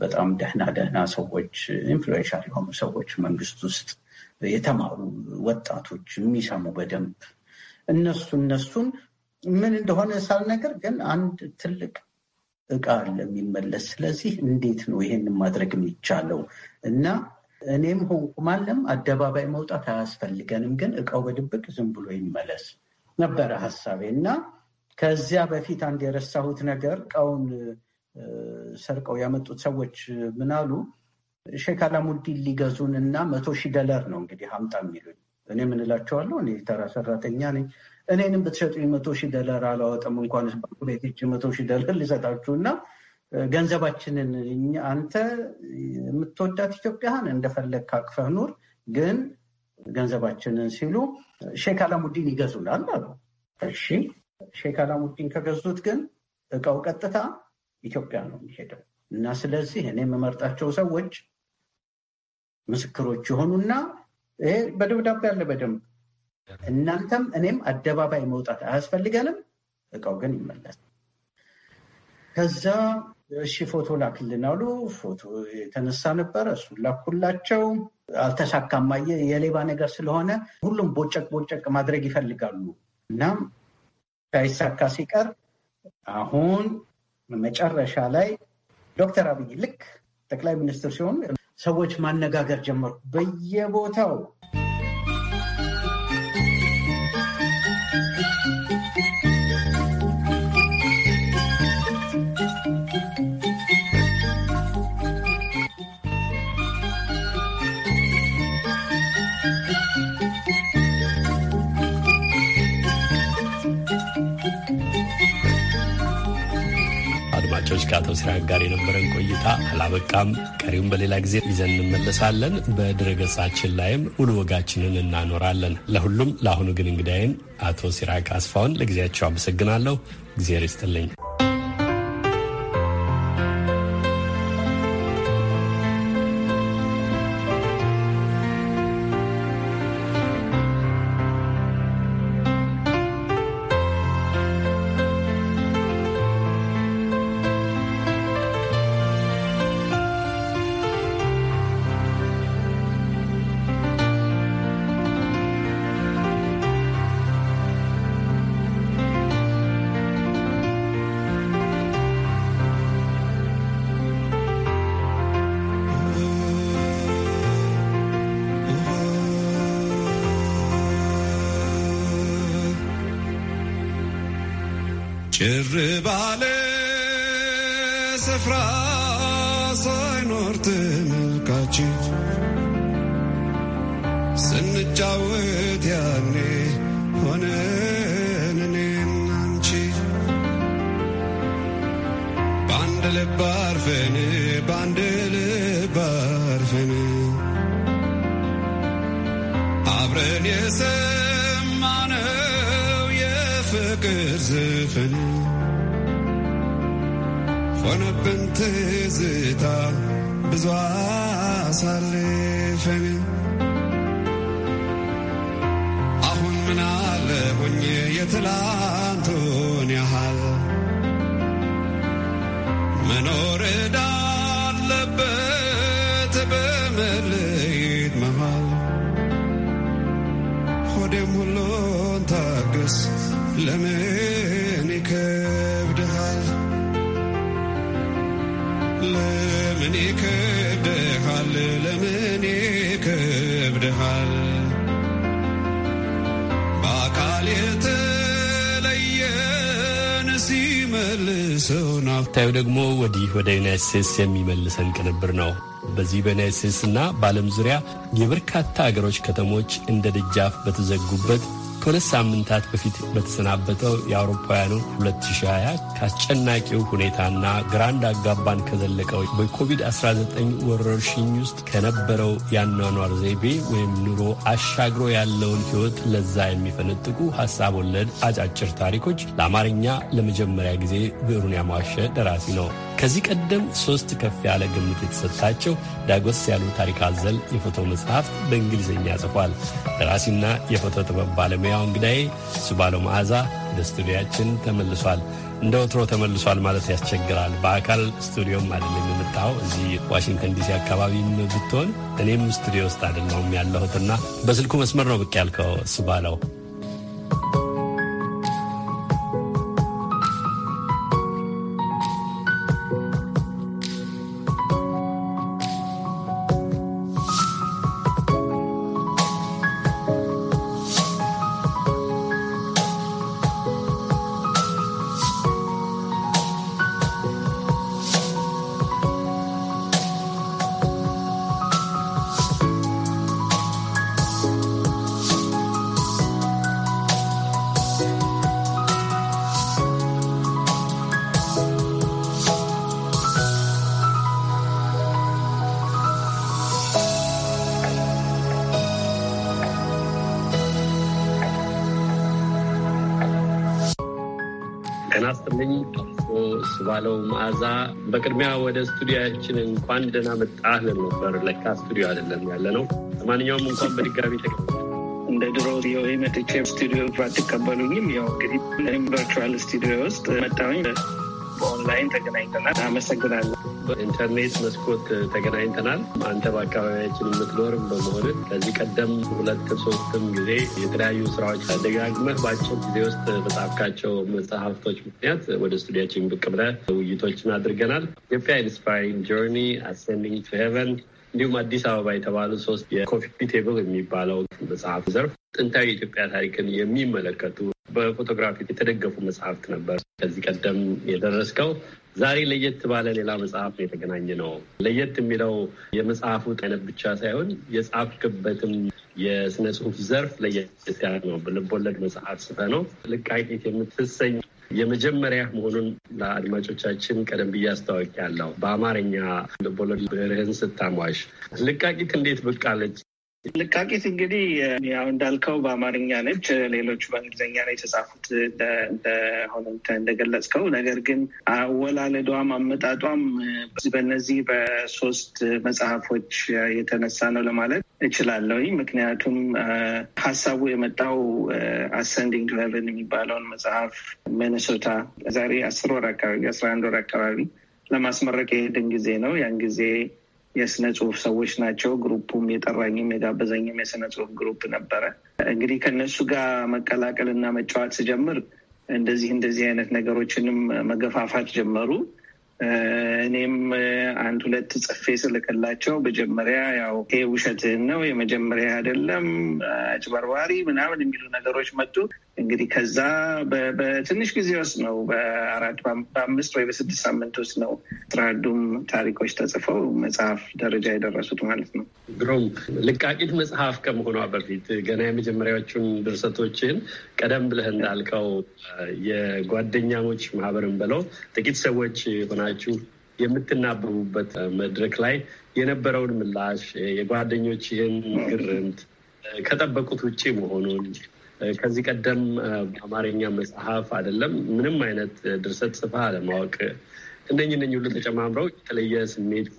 በጣም ደህና ደህና ሰዎች ኢንፍሉዌንሻል የሆኑ ሰዎች መንግስት ውስጥ የተማሩ ወጣቶች የሚሰሙ በደንብ እነሱ እነሱን ምን እንደሆነ ሳልነገር ግን አንድ ትልቅ እቃ የሚመለስ ስለዚህ እንዴት ነው ይሄን ማድረግ የሚቻለው? እና እኔም ሆንኩ ማለም አደባባይ መውጣት አያስፈልገንም፣ ግን እቃው በድብቅ ዝም ብሎ ይመለስ ነበረ ሀሳቤ እና ከዚያ በፊት አንድ የረሳሁት ነገር እቃውን ሰርቀው ያመጡት ሰዎች ምናሉ ሼክ አላሙዲን ሊገዙን እና መቶ ሺህ ደለር ነው እንግዲህ አምጣ የሚሉኝ እኔ ምን እላቸዋለሁ? እኔ ተራ ሰራተኛ ነኝ። እኔንም ብትሸጡኝ መቶ ሺህ ደለር አላወጣም። እንኳን ባንኩቤት መቶ ሺህ ደለር ልሰጣችሁ እና ገንዘባችንን አንተ የምትወዳት ኢትዮጵያን እንደፈለግ ካቅፈህ ኑር፣ ግን ገንዘባችንን ሲሉ ሼክ አላሙዲን ይገዙናል አሉ። እሺ ሼክ አላሙዲን ከገዙት ግን እቃው ቀጥታ ኢትዮጵያ ነው የሚሄደው እና ስለዚህ እኔ የምመርጣቸው ሰዎች ምስክሮች የሆኑና ይሄ በደብዳቤ አለ በደንብ እናንተም እኔም አደባባይ መውጣት አያስፈልገንም። እቃው ግን ይመለስ። ከዛ እሺ ፎቶ ላክልን አሉ። ፎቶ የተነሳ ነበረ። እሱን ላኩላቸው። አልተሳካማ። የሌባ ነገር ስለሆነ ሁሉም ቦጨቅ ቦጨቅ ማድረግ ይፈልጋሉ እና ሳይሳካ ሲቀር አሁን መጨረሻ ላይ ዶክተር አብይ ልክ ጠቅላይ ሚኒስትር ሲሆኑ ሰዎች ማነጋገር ጀመሩ በየቦታው ከአቶ ሲራክ ጋር የነበረን ቆይታ አላበቃም። ቀሪውም በሌላ ጊዜ ይዘን እንመለሳለን። በድረገጻችን ላይም ውሉ ወጋችንን እናኖራለን። ለሁሉም ለአሁኑ ግን እንግዳይን አቶ ሲራክ አስፋውን ለጊዜያቸው አመሰግናለሁ። እግዜር ይስጥልኝ። ማነው የፍቅር ዘፈን ሆነብን ትዝታ ብዙ አሳልፈን አሁን ምን አለ ሆኜ የትላንቱን ያህል መኖር ዳ! ለምን ይከብድሃል? ለምን ይከብድሃል? ለምን ይከብድሃል? በአካል የተለየን ደግሞ ወዲህ ወደ ዩናይት ስቴትስ የሚመልሰን ቅንብር ነው። በዚህ በዩናይት ስቴትስና በዓለም ዙሪያ የበርካታ አገሮች ከተሞች እንደ ደጃፍ በተዘጉበት ከሁለት ሳምንታት በፊት በተሰናበተው የአውሮፓውያኑ 2020 ከአስጨናቂው ሁኔታና ግራንድ አጋባን ከዘለቀው በኮቪድ-19 ወረርሽኝ ውስጥ ከነበረው ያኗኗር ዘይቤ ወይም ኑሮ አሻግሮ ያለውን ሕይወት ለዛ የሚፈነጥቁ ሀሳብ ወለድ አጫጭር ታሪኮች ለአማርኛ ለመጀመሪያ ጊዜ ብዕሩን ያሟሸ ደራሲ ነው። ከዚህ ቀደም ሶስት ከፍ ያለ ግምት የተሰጣቸው ዳጎስ ያሉ ታሪክ አዘል የፎቶ መጽሐፍት በእንግሊዝኛ ጽፏል። ደራሲና የፎቶ ጥበብ ባለሙያው እንግዳዬ ሱባለው መዓዛ ወደ ስቱዲያችን ተመልሷል። እንደ ወትሮ ተመልሷል ማለት ያስቸግራል። በአካል ስቱዲዮም አይደለም የምታው እዚህ ዋሽንግተን ዲሲ አካባቢ ብትሆን እኔም ስቱዲዮ ውስጥ አይደለሁም ያለሁትና በስልኩ መስመር ነው ብቅ ያልከው ባለው ባለው መዓዛ በቅድሚያ ወደ ስቱዲያችን እንኳን ደህና መጣህ ነበር። ለካ ስቱዲዮ አይደለም ያለ ነው። ለማንኛውም እንኳን በድጋሚ ተ እንደ ድሮ ቪኦኤ መጥቼ ስቱዲዮ ባትቀበሉኝም ያው እንግዲህ ቨርቹዋል ስቱዲዮ ውስጥ መጣሁኝ። በኦንላይን ተገናኝተናል። አመሰግናለሁ። በኢንተርኔት መስኮት ተገናኝተናል። አንተ በአካባቢያችን የምትኖርም በመሆን ከዚህ ቀደም ሁለት ሶስትም ጊዜ የተለያዩ ስራዎች ደጋግመህ በአጭር ጊዜ ውስጥ በጻፍካቸው መጽሐፍቶች ምክንያት ወደ ስቱዲያችን ብቅ ብለህ ውይይቶችን አድርገናል። ኢትዮጵያ ኢንስፓሪንግ ጆርኒ፣ አሴንዲንግ ቱ ሄቨን እንዲሁም አዲስ አበባ የተባሉ ሶስት የኮፊ ቴብል የሚባለው መጽሐፍ ዘርፍ ጥንታዊ የኢትዮጵያ ታሪክን የሚመለከቱ በፎቶግራፊ የተደገፉ መጽሐፍት ነበር ከዚህ ቀደም የደረስከው። ዛሬ ለየት ባለ ሌላ መጽሐፍ የተገናኘ ነው። ለየት የሚለው የመጽሐፉ አይነት ብቻ ሳይሆን የጻፍክበትም የስነ ጽሁፍ ዘርፍ ለየት ያለ ነው። ልቦለድ መጽሐፍ ስፈ ነው ልቃቂት የምትሰኝ የመጀመሪያ መሆኑን ለአድማጮቻችን ቀደም ብዬ አስታወቂያለሁ። በአማርኛ ልቦለድ ብርህን ስታሟሽ ልቃቂት እንዴት ብቃለች? ልቃቂት እንግዲህ ያው እንዳልከው በአማርኛ ነች። ሌሎቹ በእንግሊዝኛ ነው የተጻፉት እንደሆነ እንደገለጽከው። ነገር ግን አወላለዷም አመጣጧም በነዚህ በሶስት መጽሐፎች የተነሳ ነው ለማለት እችላለሁ። ምክንያቱም ሀሳቡ የመጣው አሰንዲንግ ቱ የሚባለውን መጽሐፍ ሚኒሶታ ዛሬ አስር ወር አካባቢ አስራ አንድ ወር አካባቢ ለማስመረቅ የሄድን ጊዜ ነው ያን ጊዜ የስነ ጽሁፍ ሰዎች ናቸው። ግሩፑም የጠራኝም የጋበዘኝም የስነ ጽሁፍ ግሩፕ ነበረ። እንግዲህ ከነሱ ጋር መቀላቀል እና መጫወት ስጀምር እንደዚህ እንደዚህ አይነት ነገሮችንም መገፋፋት ጀመሩ። እኔም አንድ ሁለት ጽፌ ስልክላቸው መጀመሪያ ያው ይሄ ውሸትህን ነው የመጀመሪያ አይደለም አጭበርባሪ ምናምን የሚሉ ነገሮች መጡ። እንግዲህ ከዛ በትንሽ ጊዜ ውስጥ ነው በአራት በአምስት ወይ በስድስት ሳምንት ውስጥ ነው ትራዱም ታሪኮች ተጽፈው መጽሐፍ ደረጃ የደረሱት ማለት ነው። ግሩም ልቃቂት መጽሐፍ ከመሆኗ በፊት ገና የመጀመሪያዎቹን ድርሰቶችን ቀደም ብለህ እንዳልከው የጓደኛሞች ማህበርን ብለው ጥቂት ሰዎች ሆናችሁ የምትናበቡበት መድረክ ላይ የነበረውን ምላሽ የጓደኞችህን ግርምት ከጠበቁት ውጭ መሆኑን ከዚህ ቀደም በአማርኛ መጽሐፍ አይደለም ምንም አይነት ድርሰት ጽፋ አለማወቅ እነኝ እነኝ ሁሉ ተጨማምረው የተለየ ስሜት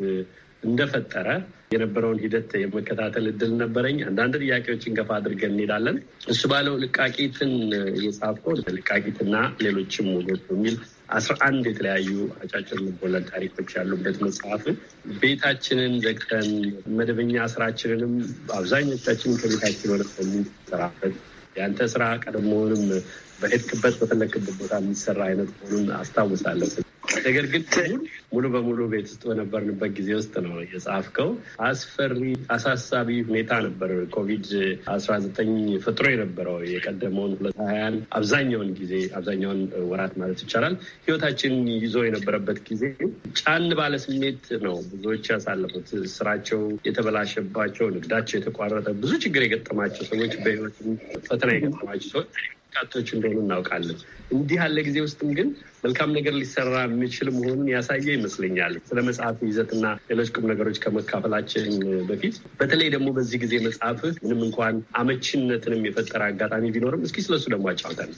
እንደፈጠረ የነበረውን ሂደት የመከታተል እድል ነበረኝ። አንዳንድ ጥያቄዎችን ገፋ አድርገን እንሄዳለን። እሱ ባለው ልቃቂትን የጻፈው ልቃቂትና ሌሎችም ውሎች በሚል አስራ አንድ የተለያዩ አጫጭር ልቦለድ ታሪኮች ያሉበት መጽሐፍ ቤታችንን ዘግተን መደበኛ ስራችንንም አብዛኞቻችን ከቤታችን ወደ ሰሚ ስራበት የአንተ ስራ ቀድሞውንም በሄድክበት በፈለክበት ቦታ የሚሰራ አይነት መሆኑን አስታውሳለሁ። ነገር ግን ሙሉ በሙሉ ቤት ውስጥ በነበርንበት ጊዜ ውስጥ ነው የጻፍከው። አስፈሪ አሳሳቢ ሁኔታ ነበር። ኮቪድ አስራ ዘጠኝ ፈጥሮ የነበረው የቀደመውን ሁለት ሀያን አብዛኛውን ጊዜ አብዛኛውን ወራት ማለት ይቻላል ህይወታችን ይዞ የነበረበት ጊዜ ጫን ባለ ስሜት ነው ብዙዎች ያሳለፉት። ስራቸው የተበላሸባቸው፣ ንግዳቸው የተቋረጠ፣ ብዙ ችግር የገጠማቸው ሰዎች፣ በህይወት ፈተና የገጠማቸው ሰዎች በርካቶች እንደሆኑ እናውቃለን። እንዲህ ያለ ጊዜ ውስጥም ግን መልካም ነገር ሊሰራ የሚችል መሆኑን ያሳየ ይመስለኛል። ስለ መጽሐፍ ይዘትና ሌሎች ቁም ነገሮች ከመካፈላችን በፊት በተለይ ደግሞ በዚህ ጊዜ መጽሐፍ ምንም እንኳን አመችነትንም የፈጠረ አጋጣሚ ቢኖርም እስኪ ስለሱ ደግሞ አጫውተን።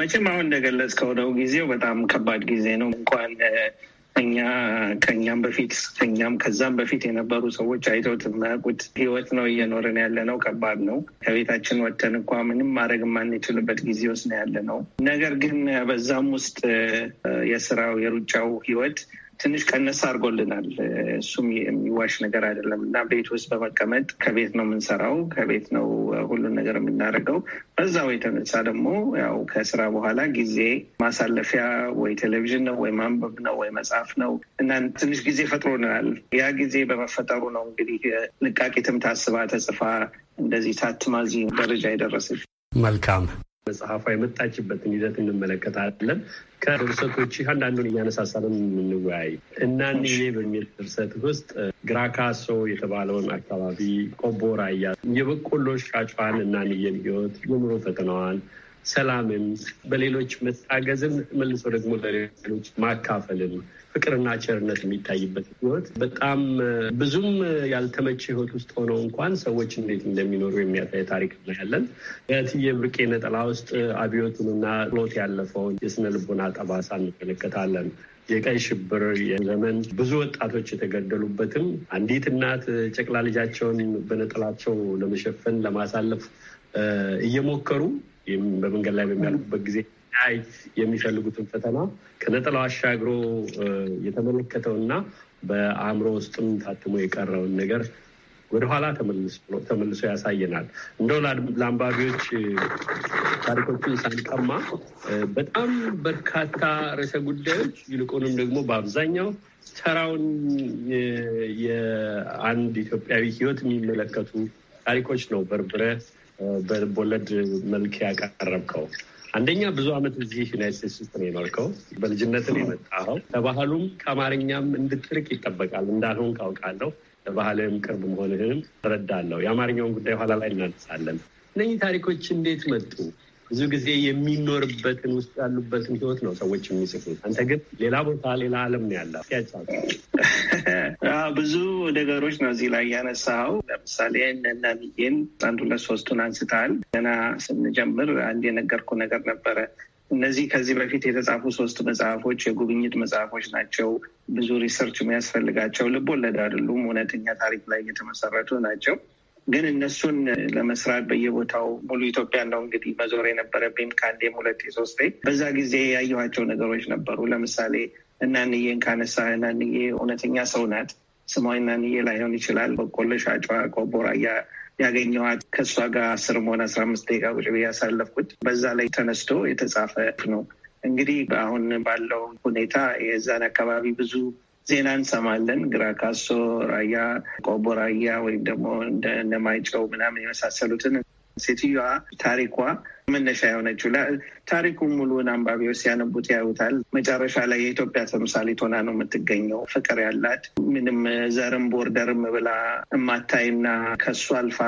መቼም አሁን እንደገለጽከው ነው ጊዜው በጣም ከባድ ጊዜ ነው እንኳን እኛ ከኛም በፊት ከኛም ከዛም በፊት የነበሩ ሰዎች አይተውት የማያውቁት ህይወት ነው እየኖርን ያለ ነው። ከባድ ነው። ከቤታችን ወጥተን እንኳ ምንም ማድረግ የማንችልበት ጊዜ ውስጥ ነው ያለ ነው። ነገር ግን በዛም ውስጥ የስራው የሩጫው ህይወት ትንሽ ቀነስ አድርጎልናል። እሱም የሚዋሽ ነገር አይደለም እና ቤት ውስጥ በመቀመጥ ከቤት ነው የምንሰራው፣ ከቤት ነው ሁሉን ነገር የምናደርገው። በዛው የተነሳ ደግሞ ያው ከስራ በኋላ ጊዜ ማሳለፊያ ወይ ቴሌቪዥን ነው ወይ ማንበብ ነው ወይ መጽሐፍ ነው እና ትንሽ ጊዜ ፈጥሮልናል። ያ ጊዜ በመፈጠሩ ነው እንግዲህ ንቃቂትም ታስባ ተጽፋ እንደዚህ ታትማዚ ደረጃ የደረሰች መልካም መጽሐፏ የመጣችበትን ሂደት እንመለከታለን። ከድርሰቶችህ አንዳንዱን እያነሳሳለን የምንወያይ እናንዬ በሚል ድርሰት ውስጥ ግራካሶ የተባለውን አካባቢ ቆቦራያ፣ የበቆሎ ሻጯን እናንዬን ህይወት የኑሮ ፈተናዋን ሰላምን በሌሎች መታገዝን መልሶ ደግሞ ለሌሎች ማካፈልን ፍቅርና ቸርነት የሚታይበት ህይወት በጣም ብዙም ያልተመቸ ህይወት ውስጥ ሆነው እንኳን ሰዎች እንዴት እንደሚኖሩ የሚያሳይ ታሪክ እናያለን። እትዬ ብርቄ ነጠላ ውስጥ አብዮቱንና ሎት ያለፈውን የስነ ልቦና ጠባሳ እንመለከታለን። የቀይ ሽብር ዘመን ብዙ ወጣቶች የተገደሉበትም አንዲት እናት ጨቅላ ልጃቸውን በነጠላቸው ለመሸፈን ለማሳለፍ እየሞከሩ በመንገድ ላይ በሚያልፉበት ጊዜ ይ የሚፈልጉትን ፈተና ከነጠላው አሻግሮ የተመለከተውና በአእምሮ ውስጥም ታትሞ የቀረውን ነገር ወደኋላ ተመልሶ ያሳየናል። እንደው ለአንባቢዎች ታሪኮችን ሳንቀማ በጣም በርካታ ርዕሰ ጉዳዮች ይልቁንም ደግሞ በአብዛኛው ተራውን የአንድ ኢትዮጵያዊ ሕይወት የሚመለከቱ ታሪኮች ነው በርብረ በልቦለድ መልክ ያቀረብከው። አንደኛ ብዙ ዓመት እዚህ ዩናይት ስቴትስ ውስጥ ነው የኖርከው፣ በልጅነት ነው የመጣኸው። ከባህሉም ከአማርኛም እንድትርቅ ይጠበቃል እንዳልሆን ካውቃለሁ። ለባህልም ቅርብ መሆንህንም እረዳለሁ። የአማርኛውን ጉዳይ ኋላ ላይ እናነሳለን። እነዚህ ታሪኮች እንዴት መጡ? ብዙ ጊዜ የሚኖርበትን ውስጥ ያሉበትን ህይወት ነው ሰዎች የሚጽፉት። አንተ ግን ሌላ ቦታ ሌላ አለም ነው ያለ ብዙ ነገሮች ነው እዚህ ላይ ያነሳው። ለምሳሌ ነናሚዬን አንድ ሁለት ሶስቱን አንስታል። ገና ስንጀምር አንድ የነገርኩ ነገር ነበረ። እነዚህ ከዚህ በፊት የተጻፉ ሶስት መጽሐፎች የጉብኝት መጽሐፎች ናቸው። ብዙ ሪሰርች የሚያስፈልጋቸው ልብ ወለድ አይደሉም። እውነተኛ ታሪክ ላይ የተመሰረቱ ናቸው። ግን እነሱን ለመስራት በየቦታው ሙሉ ኢትዮጵያ ነው እንግዲህ መዞር የነበረብኝ ከአንዴም ሁለቴ ሶስቴ። በዛ ጊዜ ያየኋቸው ነገሮች ነበሩ። ለምሳሌ እናንዬን ካነሳ እናንዬ እውነተኛ ሰው ናት። ስሟ እናንዬ ላይሆን ይችላል። በቆሎ ሻጯ ቆቦራያ ያገኘኋት ከእሷ ጋር አስር መሆን አስራ አምስት ደቂቃ ቁጭ ብዬ ያሳለፍኩት በዛ ላይ ተነስቶ የተጻፈ ነው። እንግዲህ አሁን ባለው ሁኔታ የዛን አካባቢ ብዙ ዜና እንሰማለን። ግራ ካሶ፣ ራያ ቆቦ ራያ ወይም ደግሞ እንደማይጨው ምናምን የመሳሰሉትን ሴትዮዋ ታሪኳ መነሻ የሆነችው ታሪኩ ሙሉን አንባቢዎች ሲያነቡት ያዩታል። መጨረሻ ላይ የኢትዮጵያ ተምሳሌት ሆና ነው የምትገኘው። ፍቅር ያላት ምንም ዘርም ቦርደርም ብላ እማታይና ከሱ አልፋ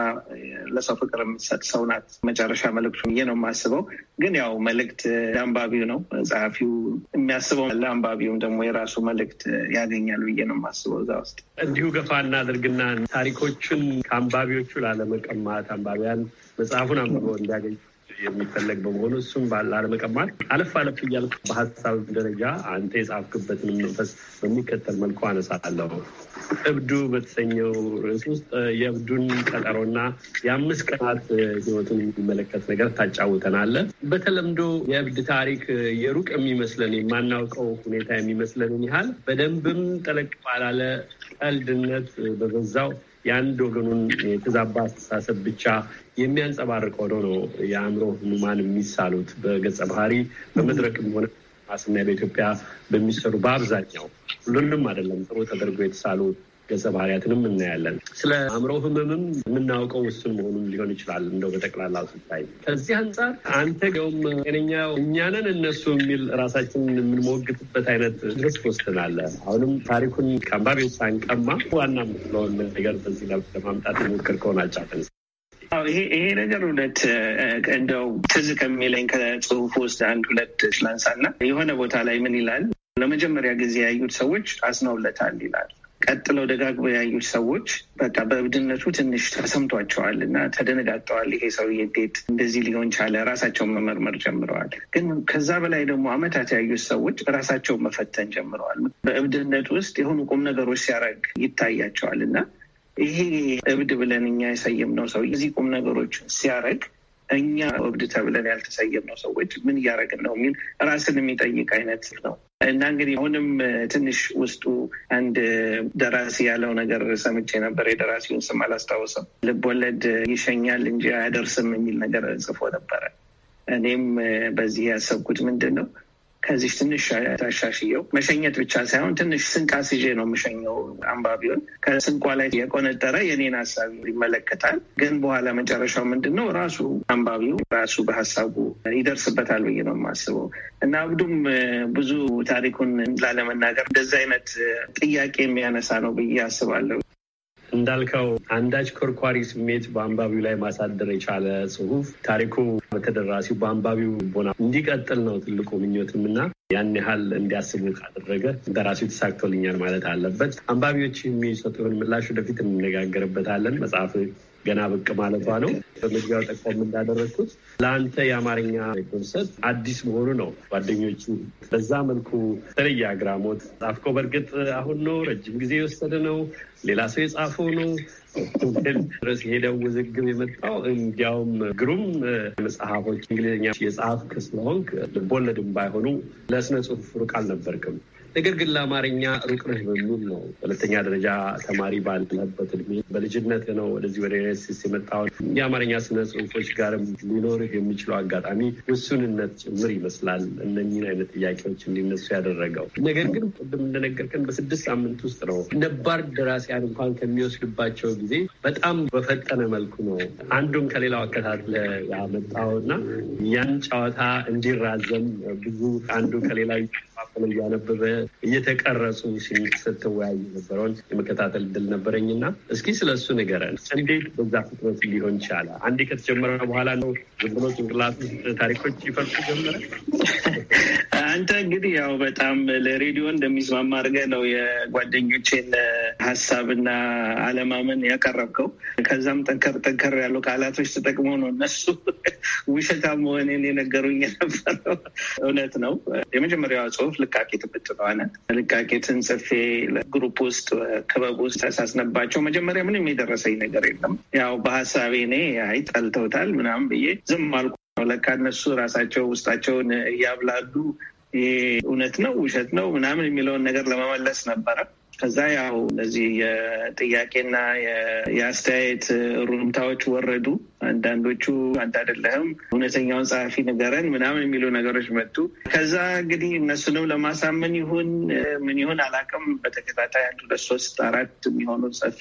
ለሰው ፍቅር የምትሰጥ ሰው ናት። መጨረሻ መልእክቱ ብዬ ነው የማስበው። ግን ያው መልእክት ለአንባቢው ነው ጸሐፊው የሚያስበው፣ ለአንባቢውም ደግሞ የራሱ መልእክት ያገኛል ብዬ ነው የማስበው። እዛ ውስጥ እንዲሁ ገፋ እናድርግና ታሪኮቹን ከአንባቢዎቹ ላለመቀማት አንባቢያን መጽሐፉን አንብቦ እንዲያገኝ የሚፈለግ በመሆኑ እሱም ላለመቀማት አለፍ አለፍ እያልኩ በሀሳብ ደረጃ አንተ የጻፍክበትን መንፈስ በሚከተል መልኩ አነሳለሁ። እብዱ በተሰኘው ርዕስ ውስጥ የእብዱን ቀጠሮና የአምስት ቀናት ህይወቱን የሚመለከት ነገር ታጫውተናለህ። በተለምዶ የእብድ ታሪክ የሩቅ የሚመስለን የማናውቀው ሁኔታ የሚመስለንን ያህል በደንብም ጠለቅ ባላለ ቀልድነት በበዛው የአንድ ወገኑን የተዛባ አስተሳሰብ ብቻ የሚያንጸባርቀው ሆኖ ነው የአእምሮ ህሙማን የሚሳሉት በገጸ ባህሪ በመድረክም ሆነ ማስና በኢትዮጵያ በሚሰሩ በአብዛኛው ሁሉንም አይደለም ጥሩ ተደርጎ የተሳሉ ገጸ ባህሪያትንም እናያለን። ስለ አእምሮ ህመምም የምናውቀው ውስን መሆኑም ሊሆን ይችላል። እንደው በጠቅላላ ስታይ ከዚህ አንጻር አንተ ገውም ጤነኛ እኛንን እነሱ የሚል ራሳችንን የምንሞግትበት አይነት ድረስ ወስናለ። አሁንም ታሪኩን ከአንባቢዎች ሳንቀማ ዋና ምትለውን ነገር በዚህ ለማምጣት የሞክር ከሆን አጫፈንስ ይሄ ነገር እውነት እንደው ትዝ ከሚለኝ ከጽሁፍ ውስጥ አንድ ሁለት ስላንሳና የሆነ ቦታ ላይ ምን ይላል ለመጀመሪያ ጊዜ ያዩት ሰዎች አዝነውለታል ይላል። ቀጥለው ደጋግበው ያዩት ሰዎች በቃ በእብድነቱ ትንሽ ተሰምቷቸዋል እና ተደነጋጠዋል። ይሄ ሰውዬ እንዴት እንደዚህ ሊሆን ቻለ? ራሳቸውን መመርመር ጀምረዋል። ግን ከዛ በላይ ደግሞ አመታት ያዩት ሰዎች ራሳቸውን መፈተን ጀምረዋል። በእብድነት ውስጥ የሆኑ ቁም ነገሮች ሲያደርግ ይታያቸዋል እና ይሄ እብድ ብለን እኛ የሰየምነው ሰው እዚህ ቁም ነገሮች ሲያደርግ እኛ እብድ ተብለን ያልተሰየምነው ሰዎች ምን እያደረግን ነው የሚል ራስን የሚጠይቅ አይነት ነው እና እንግዲህ አሁንም ትንሽ ውስጡ አንድ ደራሲ ያለው ነገር ሰምቼ ነበር። የደራሲውን ስም አላስታውስም። ልቦለድ ይሸኛል እንጂ አያደርስም የሚል ነገር ጽፎ ነበረ። እኔም በዚህ ያሰብኩት ምንድን ነው ከዚህ ትንሽ ታሻሽየው መሸኘት ብቻ ሳይሆን ትንሽ ስንቅ አስይዤ ነው የምሸኘው አንባቢውን። ከስንቋ ላይ የቆነጠረ የኔን ሀሳብ ይመለከታል። ግን በኋላ መጨረሻው ምንድን ነው ራሱ አንባቢው ራሱ በሀሳቡ ይደርስበታል ብዬ ነው የማስበው እና አብዱም ብዙ ታሪኩን ላለመናገር እንደዚህ አይነት ጥያቄ የሚያነሳ ነው ብዬ አስባለሁ። እንዳልከው አንዳች ኮርኳሪ ስሜት በአንባቢው ላይ ማሳደር የቻለ ጽሁፍ ታሪኩ በተደራሲው በአንባቢው ቦና እንዲቀጥል ነው ትልቁ ምኞትም እና ያን ያህል እንዲያስቡ ካደረገ በራሱ ተሳክቶልኛል ማለት አለበት። አንባቢዎች የሚሰጡን ምላሽ ወደፊት እንነጋገርበታለን። መጽሐፍ ገና ብቅ ማለቷ ነው። በመግቢያው ጠቆም እንዳደረግኩት ለአንተ የአማርኛ ኮንሰርት አዲስ መሆኑ ነው። ጓደኞቹ በዛ መልኩ የተለየ አግራሞት ጻፍከው። በእርግጥ አሁን ነው ረጅም ጊዜ የወሰደ ነው፣ ሌላ ሰው የጻፈው ነው ድረስ የሄደው ውዝግብ የመጣው እንዲያውም ግሩም መጽሐፎች እንግሊዝኛ የጻፍክ ስለሆንክ ልቦለድም ባይሆኑ ለስነ ጽሁፍ ሩቅ አልነበርክም። ነገር ግን ለአማርኛ ሩቅ ነህ በሚል ነው። ሁለተኛ ደረጃ ተማሪ ባለበት እድሜ በልጅነት ነው ወደዚህ ወደ ዩናይት ስቴትስ የመጣሁት። የአማርኛ ስነ ጽሁፎች ጋርም ሊኖርህ የሚችለው አጋጣሚ ውሱንነት ጭምር ይመስላል እነኝን አይነት ጥያቄዎች እንዲነሱ ያደረገው። ነገር ግን ቅድም እንደነገርከን በስድስት ሳምንት ውስጥ ነው ነባር ደራሲያን እንኳን ከሚወስድባቸው ጊዜ በጣም በፈጠነ መልኩ ነው አንዱን ከሌላው አከታትለ ያመጣው እና ያን ጨዋታ እንዲራዘም ብዙ አንዱ ከሌላ እያነበበ እየተቀረጹ ስትወያይ ነበረውን የመከታተል ድል ነበረኝ እና እስኪ ስለ እሱ ንገረን። እንዴት በዛ ፍጥነት ሊሆን ቻለ? አንዴ ከተጀመረ በኋላ ነው ዝም ብሎ ጭንቅላት ታሪኮች ይፈልጡ ጀመረ? አንተ እንግዲህ ያው በጣም ለሬዲዮ እንደሚስማማ አድርገህ ነው የጓደኞቼን ሀሳብና አለማመን ያቀረብከው። ከዛም ጠንከር ጠንከር ያሉ ቃላቶች ተጠቅመው ነው እነሱ ውሸታ መሆኔን የነገሩኝ የነበረው። እውነት ነው። የመጀመሪያዋ ጽሁፍ ልቃቄ ብትለዋነ ልቃቄትን ጽፌ ግሩፕ ውስጥ ክበብ ውስጥ ተሳስነባቸው። መጀመሪያ ምንም የደረሰኝ ነገር የለም። ያው በሀሳቤ እኔ አይ ጠልተውታል ምናምን ብዬ ዝም አልኩ። ለካ እነሱ ራሳቸው ውስጣቸውን እያብላሉ እውነት ነው ውሸት ነው ምናምን የሚለውን ነገር ለመመለስ ነበረ። ከዛ ያው እነዚህ የጥያቄና የአስተያየት ሩምታዎች ወረዱ። አንዳንዶቹ አንተ አይደለህም እውነተኛውን ጸሐፊ ንገረን ምናምን የሚሉ ነገሮች መጡ። ከዛ እንግዲህ እነሱንም ለማሳመን ይሁን ምን ይሁን አላውቅም፣ በተከታታይ አንድ ሁለት ሶስት አራት የሚሆኑ ጽፌ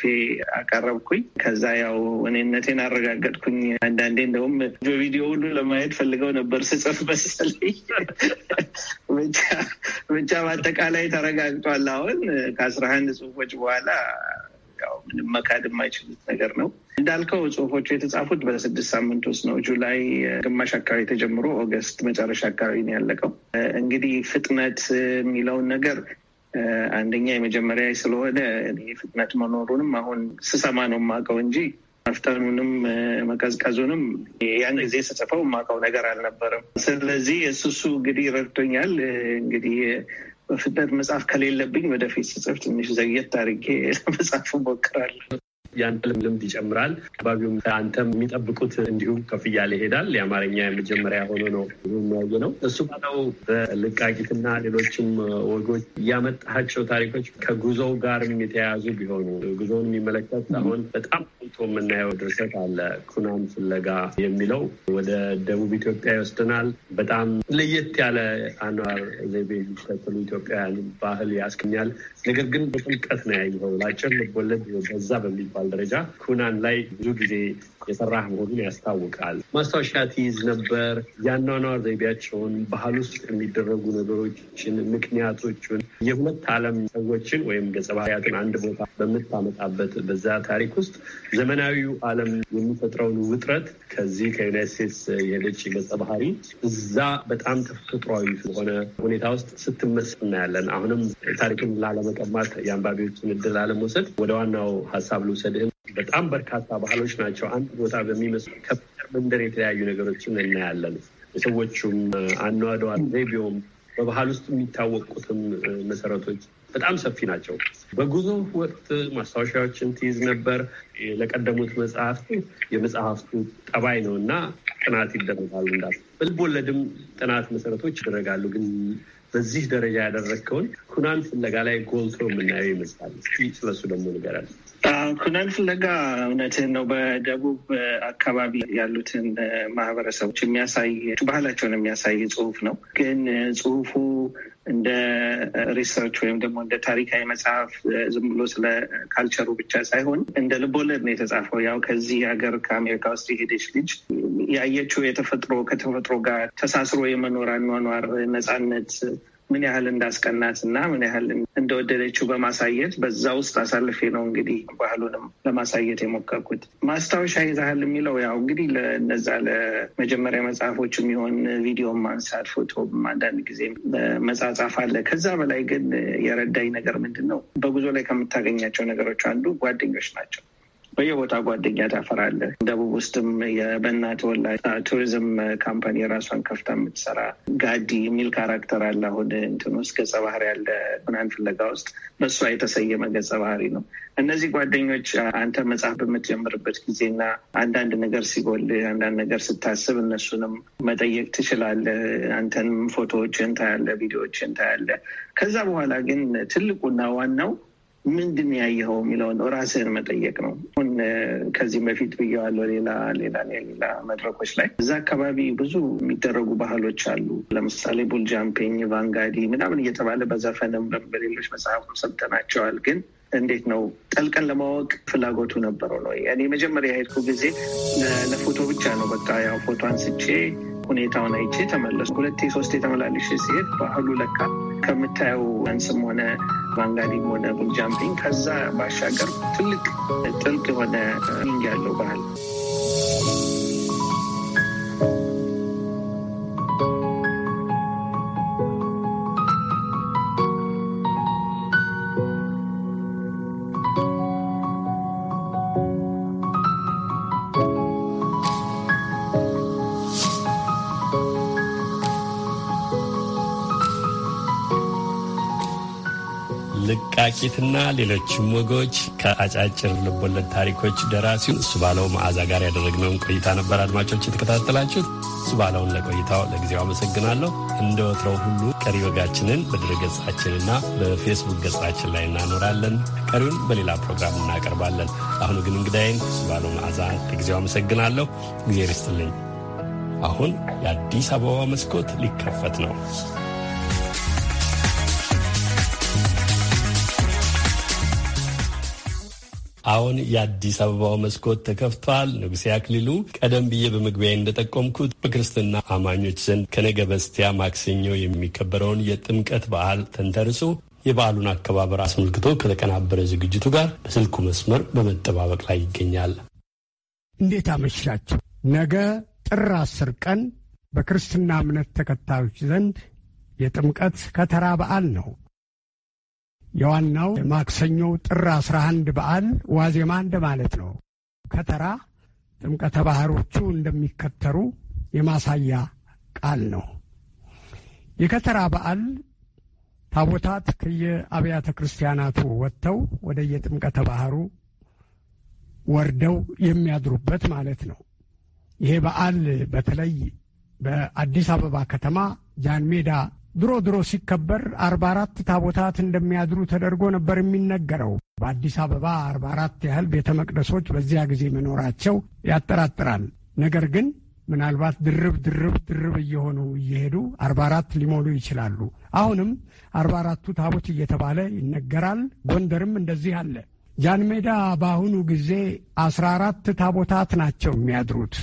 አቀረብኩኝ። ከዛ ያው እኔነቴን አረጋገጥኩኝ። አንዳንዴ እንደውም በቪዲዮ ሁሉ ለማየት ፈልገው ነበር ስጽፍ መሰለኝ። ብቻ በአጠቃላይ ተረጋግጧል። አሁን ከአስራ አንድ ጽሁፎች በኋላ ያው ምንም መካድ የማይችሉት ነገር ነው። እንዳልከው ጽሁፎቹ የተጻፉት በስድስት ሳምንት ውስጥ ነው። ጁላይ ግማሽ አካባቢ ተጀምሮ ኦገስት መጨረሻ አካባቢ ነው ያለቀው። እንግዲህ ፍጥነት የሚለውን ነገር አንደኛ የመጀመሪያ ስለሆነ ፍጥነት መኖሩንም አሁን ስሰማ ነው የማውቀው እንጂ መፍጠኑንም መቀዝቀዙንም ያን ጊዜ ስጽፈው የማውቀው ነገር አልነበረም። ስለዚህ እሱ እሱ እንግዲህ ረድቶኛል። እንግዲህ ፍጥነት መጽሐፍ ከሌለብኝ ወደፊት ስጽፍ ትንሽ ዘግየት አድርጌ ለመጽሐፍ እሞክራለሁ። ያንተም ልምድ ይጨምራል። አካባቢውም አንተም የሚጠብቁት እንዲሁም ከፍ እያለ ይሄዳል። የአማርኛ የመጀመሪያ ሆኖ ነው የሚያየ ነው። እሱ ባለው በልቃቂትና ሌሎችም ወጎች ያመጣቸው ታሪኮች ከጉዞው ጋርም የተያያዙ ቢሆኑ ጉዞውን የሚመለከት አሁን በጣም ቶ የምናየው ድርሰት አለ ኩናም ፍለጋ የሚለው ወደ ደቡብ ኢትዮጵያ ይወስደናል። በጣም ለየት ያለ አኗር ዘይቤ የሚከተሉ ኢትዮጵያውያን ባህል ያስገኛል። ነገር ግን በጥልቀት ነው ያየኸው። አጭር ልቦለድ በዛ በሚባል ደረጃ ኩናን ላይ ብዙ ጊዜ የሰራህ መሆኑን ያስታውቃል። ማስታወሻ ትይዝ ነበር። የአኗኗር ዘይቤያቸውን፣ ባህል ውስጥ የሚደረጉ ነገሮችን፣ ምክንያቶቹን፣ የሁለት ዓለም ሰዎችን ወይም ገጸ ባህሪያትን አንድ ቦታ በምታመጣበት በዛ ታሪክ ውስጥ ዘመናዊው ዓለም የሚፈጥረውን ውጥረት ከዚህ ከዩናይት ስቴትስ የሄደች ገጸ ባህሪ እዛ በጣም ተፈጥሯዊ በሆነ ሁኔታ ውስጥ ስትመስል እናያለን። አሁንም ታሪክን ላለመቀማት የአንባቢዎችን እድል አለመውሰድ ወደ ዋናው ሀሳብ ልውሰድህን በጣም በርካታ ባህሎች ናቸው። አንድ ቦታ በሚመስል ከፍ መንደር የተለያዩ ነገሮችን እናያለን። የሰዎቹም አኗኗር ዘይቤውም በባህል ውስጥ የሚታወቁትም መሰረቶች በጣም ሰፊ ናቸው። በጉዞ ወቅት ማስታወሻዎችን ትይዝ ነበር። ለቀደሙት መጽሐፍት የመጽሐፍቱ ጠባይ ነው እና ጥናት ይደረጋሉ። እንዳ በልብ ወለድም ጥናት መሰረቶች ይደረጋሉ ግን በዚህ ደረጃ ያደረግከውን ኩናን ፍለጋ ላይ ጎልቶ የምናየው ይመስላል። እስኪ ስለሱ ደግሞ ንገረን። ኩናን ፍለጋ እውነትህን ነው። በደቡብ አካባቢ ያሉትን ማህበረሰቦች የሚያሳይ ባህላቸውን የሚያሳይ ጽሁፍ ነው። ግን ጽሁፉ እንደ ሪሰርች ወይም ደግሞ እንደ ታሪካዊ መጽሐፍ ዝም ብሎ ስለ ካልቸሩ ብቻ ሳይሆን እንደ ልቦለድ ነው የተጻፈው። ያው ከዚህ ሀገር ከአሜሪካ ውስጥ የሄደች ልጅ ያየችው የተፈጥሮ ከተፈጥሮ ጋር ተሳስሮ የመኖር አኗኗር ነፃነት ምን ያህል እንዳስቀናት እና ምን ያህል እንደወደደችው በማሳየት በዛ ውስጥ አሳልፌ ነው እንግዲህ ባህሉንም ለማሳየት የሞከርኩት። ማስታወሻ ይዛሃል የሚለው ያው እንግዲህ ለነዛ ለመጀመሪያ መጽሐፎች የሚሆን ቪዲዮ ማንሳት፣ ፎቶ አንዳንድ ጊዜ መጻጻፍ አለ። ከዛ በላይ ግን የረዳኝ ነገር ምንድን ነው፣ በጉዞ ላይ ከምታገኛቸው ነገሮች አንዱ ጓደኞች ናቸው። በየቦታ ጓደኛ ታፈራለህ። ደቡብ ውስጥም የበና ተወላጅ ቱሪዝም ካምፓኒ ራሷን ከፍታ የምትሰራ ጋዲ የሚል ካራክተር አለ። አሁን እንትን ውስጥ ገጸ ባህሪ ያለ ሁናን ፍለጋ ውስጥ በእሷ የተሰየመ ገጸ ባህሪ ነው። እነዚህ ጓደኞች አንተ መጽሐፍ በምትጀምርበት ጊዜና አንዳንድ ነገር ሲጎል አንዳንድ ነገር ስታስብ እነሱንም መጠየቅ ትችላለህ። አንተንም ፎቶዎችን ታያለህ፣ ቪዲዮዎችን ታያለህ። ከዛ በኋላ ግን ትልቁና ዋናው ምንድን ያየኸው የሚለውን ራስህን መጠየቅ ነው። አሁን ከዚህም በፊት ብየዋለሁ ሌላ ሌላ ሌላ መድረኮች ላይ እዛ አካባቢ ብዙ የሚደረጉ ባህሎች አሉ። ለምሳሌ ቡልጃምፔኝ፣ ቫንጋዲ ምናምን እየተባለ በዘፈንም በሌሎች መጽሐፍም ሰምተናቸዋል። ግን እንዴት ነው ጠልቀን ለማወቅ ፍላጎቱ ነበረው ነው። እኔ መጀመሪያ የሄድኩ ጊዜ ለፎቶ ብቻ ነው። በቃ ያው ፎቶ አንስቼ ሁኔታውን አይቼ ተመለስ ሁለቴ ሶስቴ ተመላለሽ ሲሄድ ባህሉ ለካ ከምታየው አንስም ሆነ ባንጋሊም ሆነ ቡንጃምፒንግ ከዛ ባሻገር ትልቅ ጥልቅ የሆነ ሚንግ ያለው ባህል ልቃቂትና ሌሎችም ወጎች ከአጫጭር ልቦለድ ታሪኮች ደራሲውን እሱ ባለው መዓዛ ጋር ያደረግነውን ቆይታ ነበር አድማጮች የተከታተላችሁት። እሱ ባለውን ለቆይታው ለጊዜው አመሰግናለሁ። እንደ ወትረው ሁሉ ቀሪ ወጋችንን በድረ ገጻችንና በፌስቡክ ገጻችን ላይ እናኖራለን። ቀሪውን በሌላ ፕሮግራም እናቀርባለን። አሁኑ ግን እንግዳይን እሱ ባለው መዓዛ ለጊዜው አመሰግናለሁ። እግዜር ርስትልኝ። አሁን የአዲስ አበባ መስኮት ሊከፈት ነው። አሁን የአዲስ አበባው መስኮት ተከፍቷል። ንጉሴ አክሊሉ፣ ቀደም ብዬ በመግቢያ እንደጠቆምኩት በክርስትና አማኞች ዘንድ ከነገ በስቲያ ማክሰኞ የሚከበረውን የጥምቀት በዓል ተንተርሶ የበዓሉን አከባበር አስመልክቶ ከተቀናበረ ዝግጅቱ ጋር በስልኩ መስመር በመጠባበቅ ላይ ይገኛል። እንዴት አመሻችሁ። ነገ ጥር አስር ቀን በክርስትና እምነት ተከታዮች ዘንድ የጥምቀት ከተራ በዓል ነው። የዋናው ማክሰኞ ጥር 11 በዓል ዋዜማ እንደማለት ነው። ከተራ ጥምቀተ ባህሮቹ እንደሚከተሩ የማሳያ ቃል ነው። የከተራ በዓል ታቦታት ከየአብያተ ክርስቲያናቱ ወጥተው ወደ የጥምቀተ ባህሩ ወርደው የሚያድሩበት ማለት ነው። ይሄ በዓል በተለይ በአዲስ አበባ ከተማ ጃንሜዳ ድሮ ድሮ ሲከበር አርባ አራት ታቦታት እንደሚያድሩ ተደርጎ ነበር የሚነገረው። በአዲስ አበባ አርባ አራት ያህል ቤተ መቅደሶች በዚያ ጊዜ መኖራቸው ያጠራጥራል። ነገር ግን ምናልባት ድርብ ድርብ ድርብ እየሆኑ እየሄዱ አርባ አራት ሊሞሉ ይችላሉ። አሁንም አርባ አራቱ ታቦት እየተባለ ይነገራል። ጎንደርም እንደዚህ አለ። ጃንሜዳ በአሁኑ ጊዜ አስራ አራት ታቦታት ናቸው የሚያድሩት።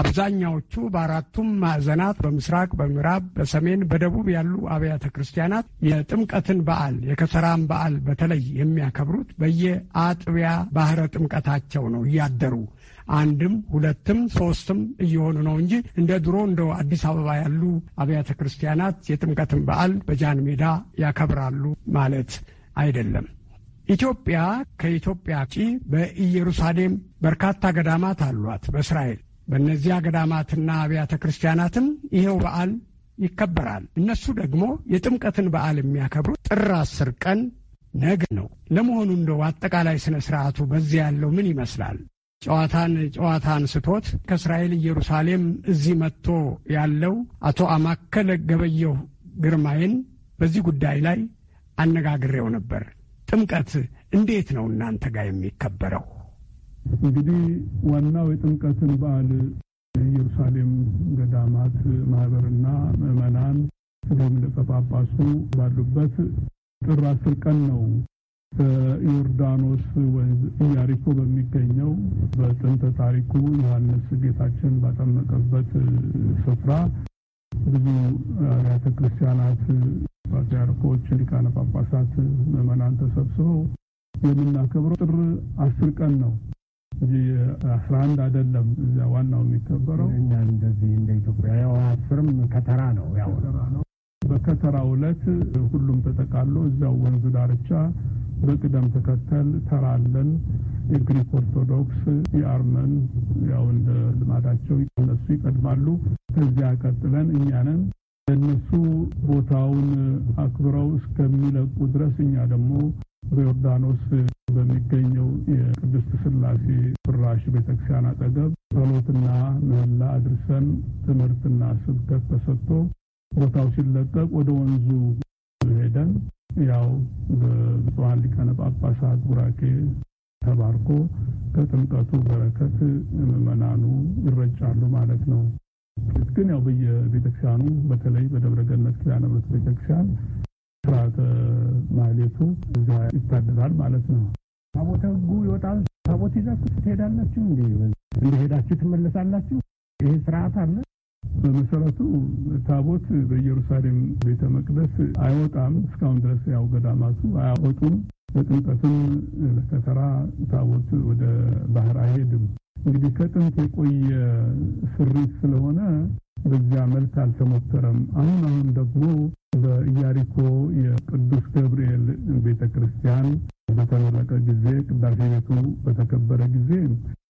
አብዛኛዎቹ በአራቱም ማዕዘናት በምስራቅ፣ በምዕራብ፣ በሰሜን፣ በደቡብ ያሉ አብያተ ክርስቲያናት የጥምቀትን በዓል የከተራን በዓል በተለይ የሚያከብሩት በየአጥቢያ ባህረ ጥምቀታቸው ነው እያደሩ አንድም ሁለትም ሶስትም እየሆኑ ነው እንጂ እንደ ድሮ እንደ አዲስ አበባ ያሉ አብያተ ክርስቲያናት የጥምቀትን በዓል በጃን ሜዳ ያከብራሉ ማለት አይደለም። ኢትዮጵያ ከኢትዮጵያ ውጪ በኢየሩሳሌም በርካታ ገዳማት አሏት። በእስራኤል በእነዚያ ገዳማትና አብያተ ክርስቲያናትም ይኸው በዓል ይከበራል። እነሱ ደግሞ የጥምቀትን በዓል የሚያከብሩት ጥር አስር ቀን ነገ ነው። ለመሆኑ እንደው አጠቃላይ ስነ ስርዓቱ በዚህ ያለው ምን ይመስላል? ጨዋታን ጨዋታን ስቶት ከእስራኤል ኢየሩሳሌም እዚህ መጥቶ ያለው አቶ አማከለ ገበየሁ ግርማዬን በዚህ ጉዳይ ላይ አነጋግሬው ነበር። ጥምቀት እንዴት ነው እናንተ ጋር የሚከበረው? እንግዲህ ዋናው የጥምቀትን በዓል የኢየሩሳሌም ገዳማት ማህበርና ምዕመናን እንዲሁም ሊቀ ጳጳሱ ባሉበት ጥር አስር ቀን ነው በዮርዳኖስ ወንዝ ኢያሪኮ በሚገኘው በጥንተ ታሪኩ ዮሐንስ ጌታችን ባጠመቀበት ስፍራ ብዙ አብያተ ክርስቲያናት፣ ፓትርያርኮች፣ ሊቃነ ጳጳሳት፣ ምዕመናን ተሰብስበው የምናከብረው ጥር አስር ቀን ነው። አስራ አንድ አይደለም። እዚያ ዋናው የሚከበረው እኛ እንደዚህ እንደ ኢትዮጵያ ያው አስርም ከተራ ነው ያው በከተራ ዕለት ሁሉም ተጠቃሎ እዚያው ወንዙ ዳርቻ በቅደም ተከተል ተራለን። የግሪክ ኦርቶዶክስ፣ የአርመን ያው እንደ ልማዳቸው እነሱ ይቀድማሉ። ከዚያ ቀጥለን እኛንን እነሱ ቦታውን አክብረው እስከሚለቁ ድረስ እኛ ደግሞ በዮርዳኖስ በሚገኘው የቅድስት ስላሴ ፍራሽ ቤተክርስቲያን አጠገብ ጸሎትና ምህላ አድርሰን ትምህርትና ስብከት ተሰጥቶ ቦታው ሲለቀቅ ወደ ወንዙ ሄደን ያው በብፁዓን ሊቃነ ጳጳሳት ቡራኬ ተባርኮ ከጥምቀቱ በረከት ምዕመናኑ ይረጫሉ ማለት ነው። ግን ያው በየቤተክርስቲያኑ በተለይ በደብረገነት ኪዳነ ምሕረት ቤተክርስቲያን ስርዓተ ማህሌቱ እዛ ይታደራል ማለት ነው። ታቦተ ሕጉ ይወጣል። ታቦት ይዛችሁ ትሄዳላችሁ፣ እንደሄዳችሁ ትመለሳላችሁ። ይሄ ስርዓት አለ። በመሰረቱ ታቦት በኢየሩሳሌም ቤተ መቅደስ አይወጣም። እስካሁን ድረስ ያው ገዳማቱ አያወጡም። በጥምቀትም ለከተራ ታቦት ወደ ባህር አይሄድም። እንግዲህ ከጥንት የቆየ ስሪት ስለሆነ በዚያ መልክ አልተሞከረም። አሁን አሁን ደግሞ በኢያሪኮ የቅዱስ ገብርኤል ቤተ ክርስቲያን በተመረቀ ጊዜ ቅዳሴ ቤቱ በተከበረ ጊዜ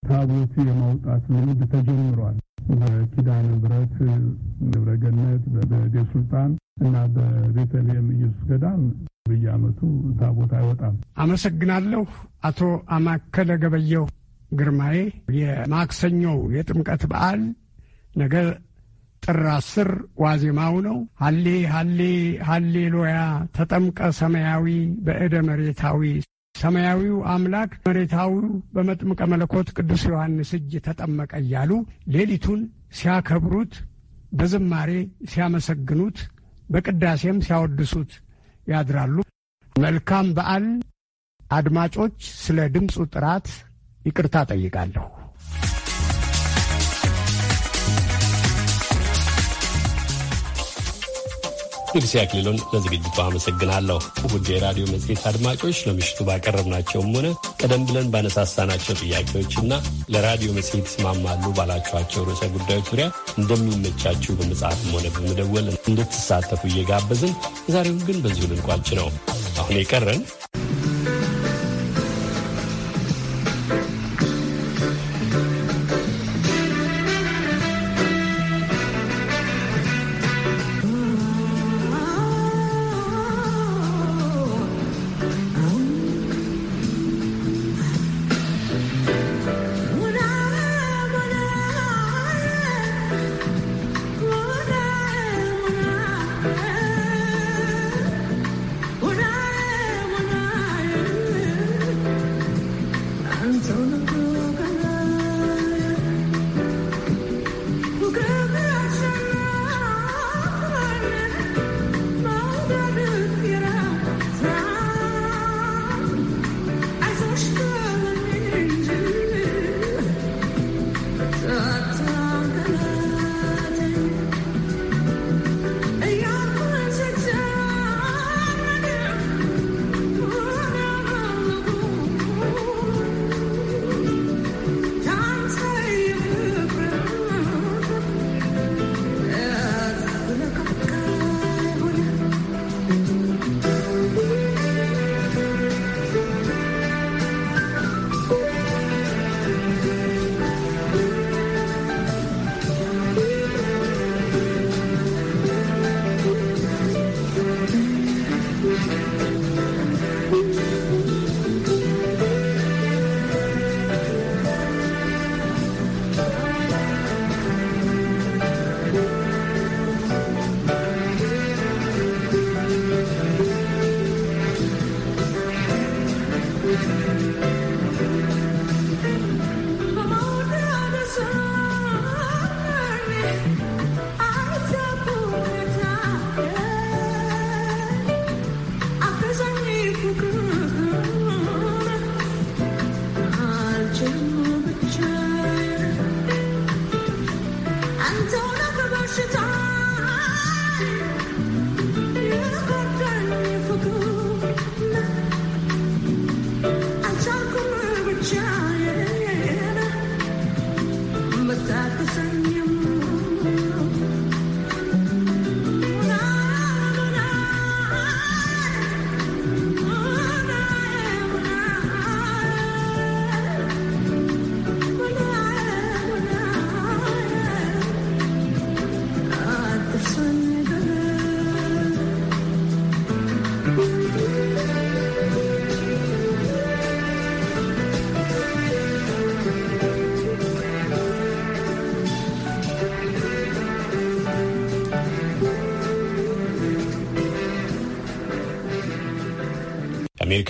ታቦት የማውጣት ልምድ ተጀምሯል። በኪዳነ ምሕረት ደብረ ገነት፣ ሱልጣን እና በቤተልሔም ኢየሱስ ገዳም በየዓመቱ ታቦት አይወጣም። አመሰግናለሁ። አቶ አማከለ ገበየው ግርማዬ የማክሰኞው የጥምቀት በዓል ነገ ጥር አስር ዋዜማው ነው። ሀሌ ሀሌ ሀሌሉያ ተጠምቀ ሰማያዊ በእደ መሬታዊ ሰማያዊው አምላክ መሬታዊው በመጥምቀ መለኮት ቅዱስ ዮሐንስ እጅ ተጠመቀ እያሉ ሌሊቱን ሲያከብሩት፣ በዝማሬ ሲያመሰግኑት፣ በቅዳሴም ሲያወድሱት ያድራሉ። መልካም በዓል። አድማጮች፣ ስለ ድምፁ ጥራት ይቅርታ ጠይቃለሁ። ንጉሴ አክሊሉን ለዝግጅቱ አመሰግናለሁ። ውድ የራዲዮ መጽሔት አድማጮች ለምሽቱ ባቀረብናቸውም ሆነ ቀደም ብለን ባነሳሳናቸው ጥያቄዎችና ለራዲዮ መጽሔት ይስማማሉ ባላችኋቸው ርዕሰ ጉዳዮች ዙሪያ እንደሚመቻችሁ በመጽሐፍም ሆነ በመደወል እንድትሳተፉ እየጋበዝን የዛሬውን ግን በዚሁ ልንቋጭ ነው። አሁን የቀረን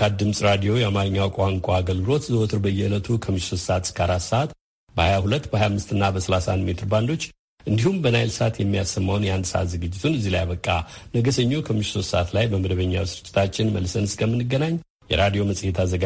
የአሜሪካ ድምፅ ራዲዮ የአማርኛው ቋንቋ አገልግሎት ዘወትር በየዕለቱ ከምሽቱ 3 ሰዓት እስከ 4 ሰዓት በ22 በ25 እና በ31 ሜትር ባንዶች እንዲሁም በናይል ሰዓት የሚያሰማውን የአንድ ሰዓት ዝግጅቱን እዚህ ላይ ያበቃ። ነገ ሰኞ ከምሽቱ ሰዓት ላይ በመደበኛው ስርጭታችን መልሰን እስከምንገናኝ የራዲዮ መጽሔት አዘጋጅ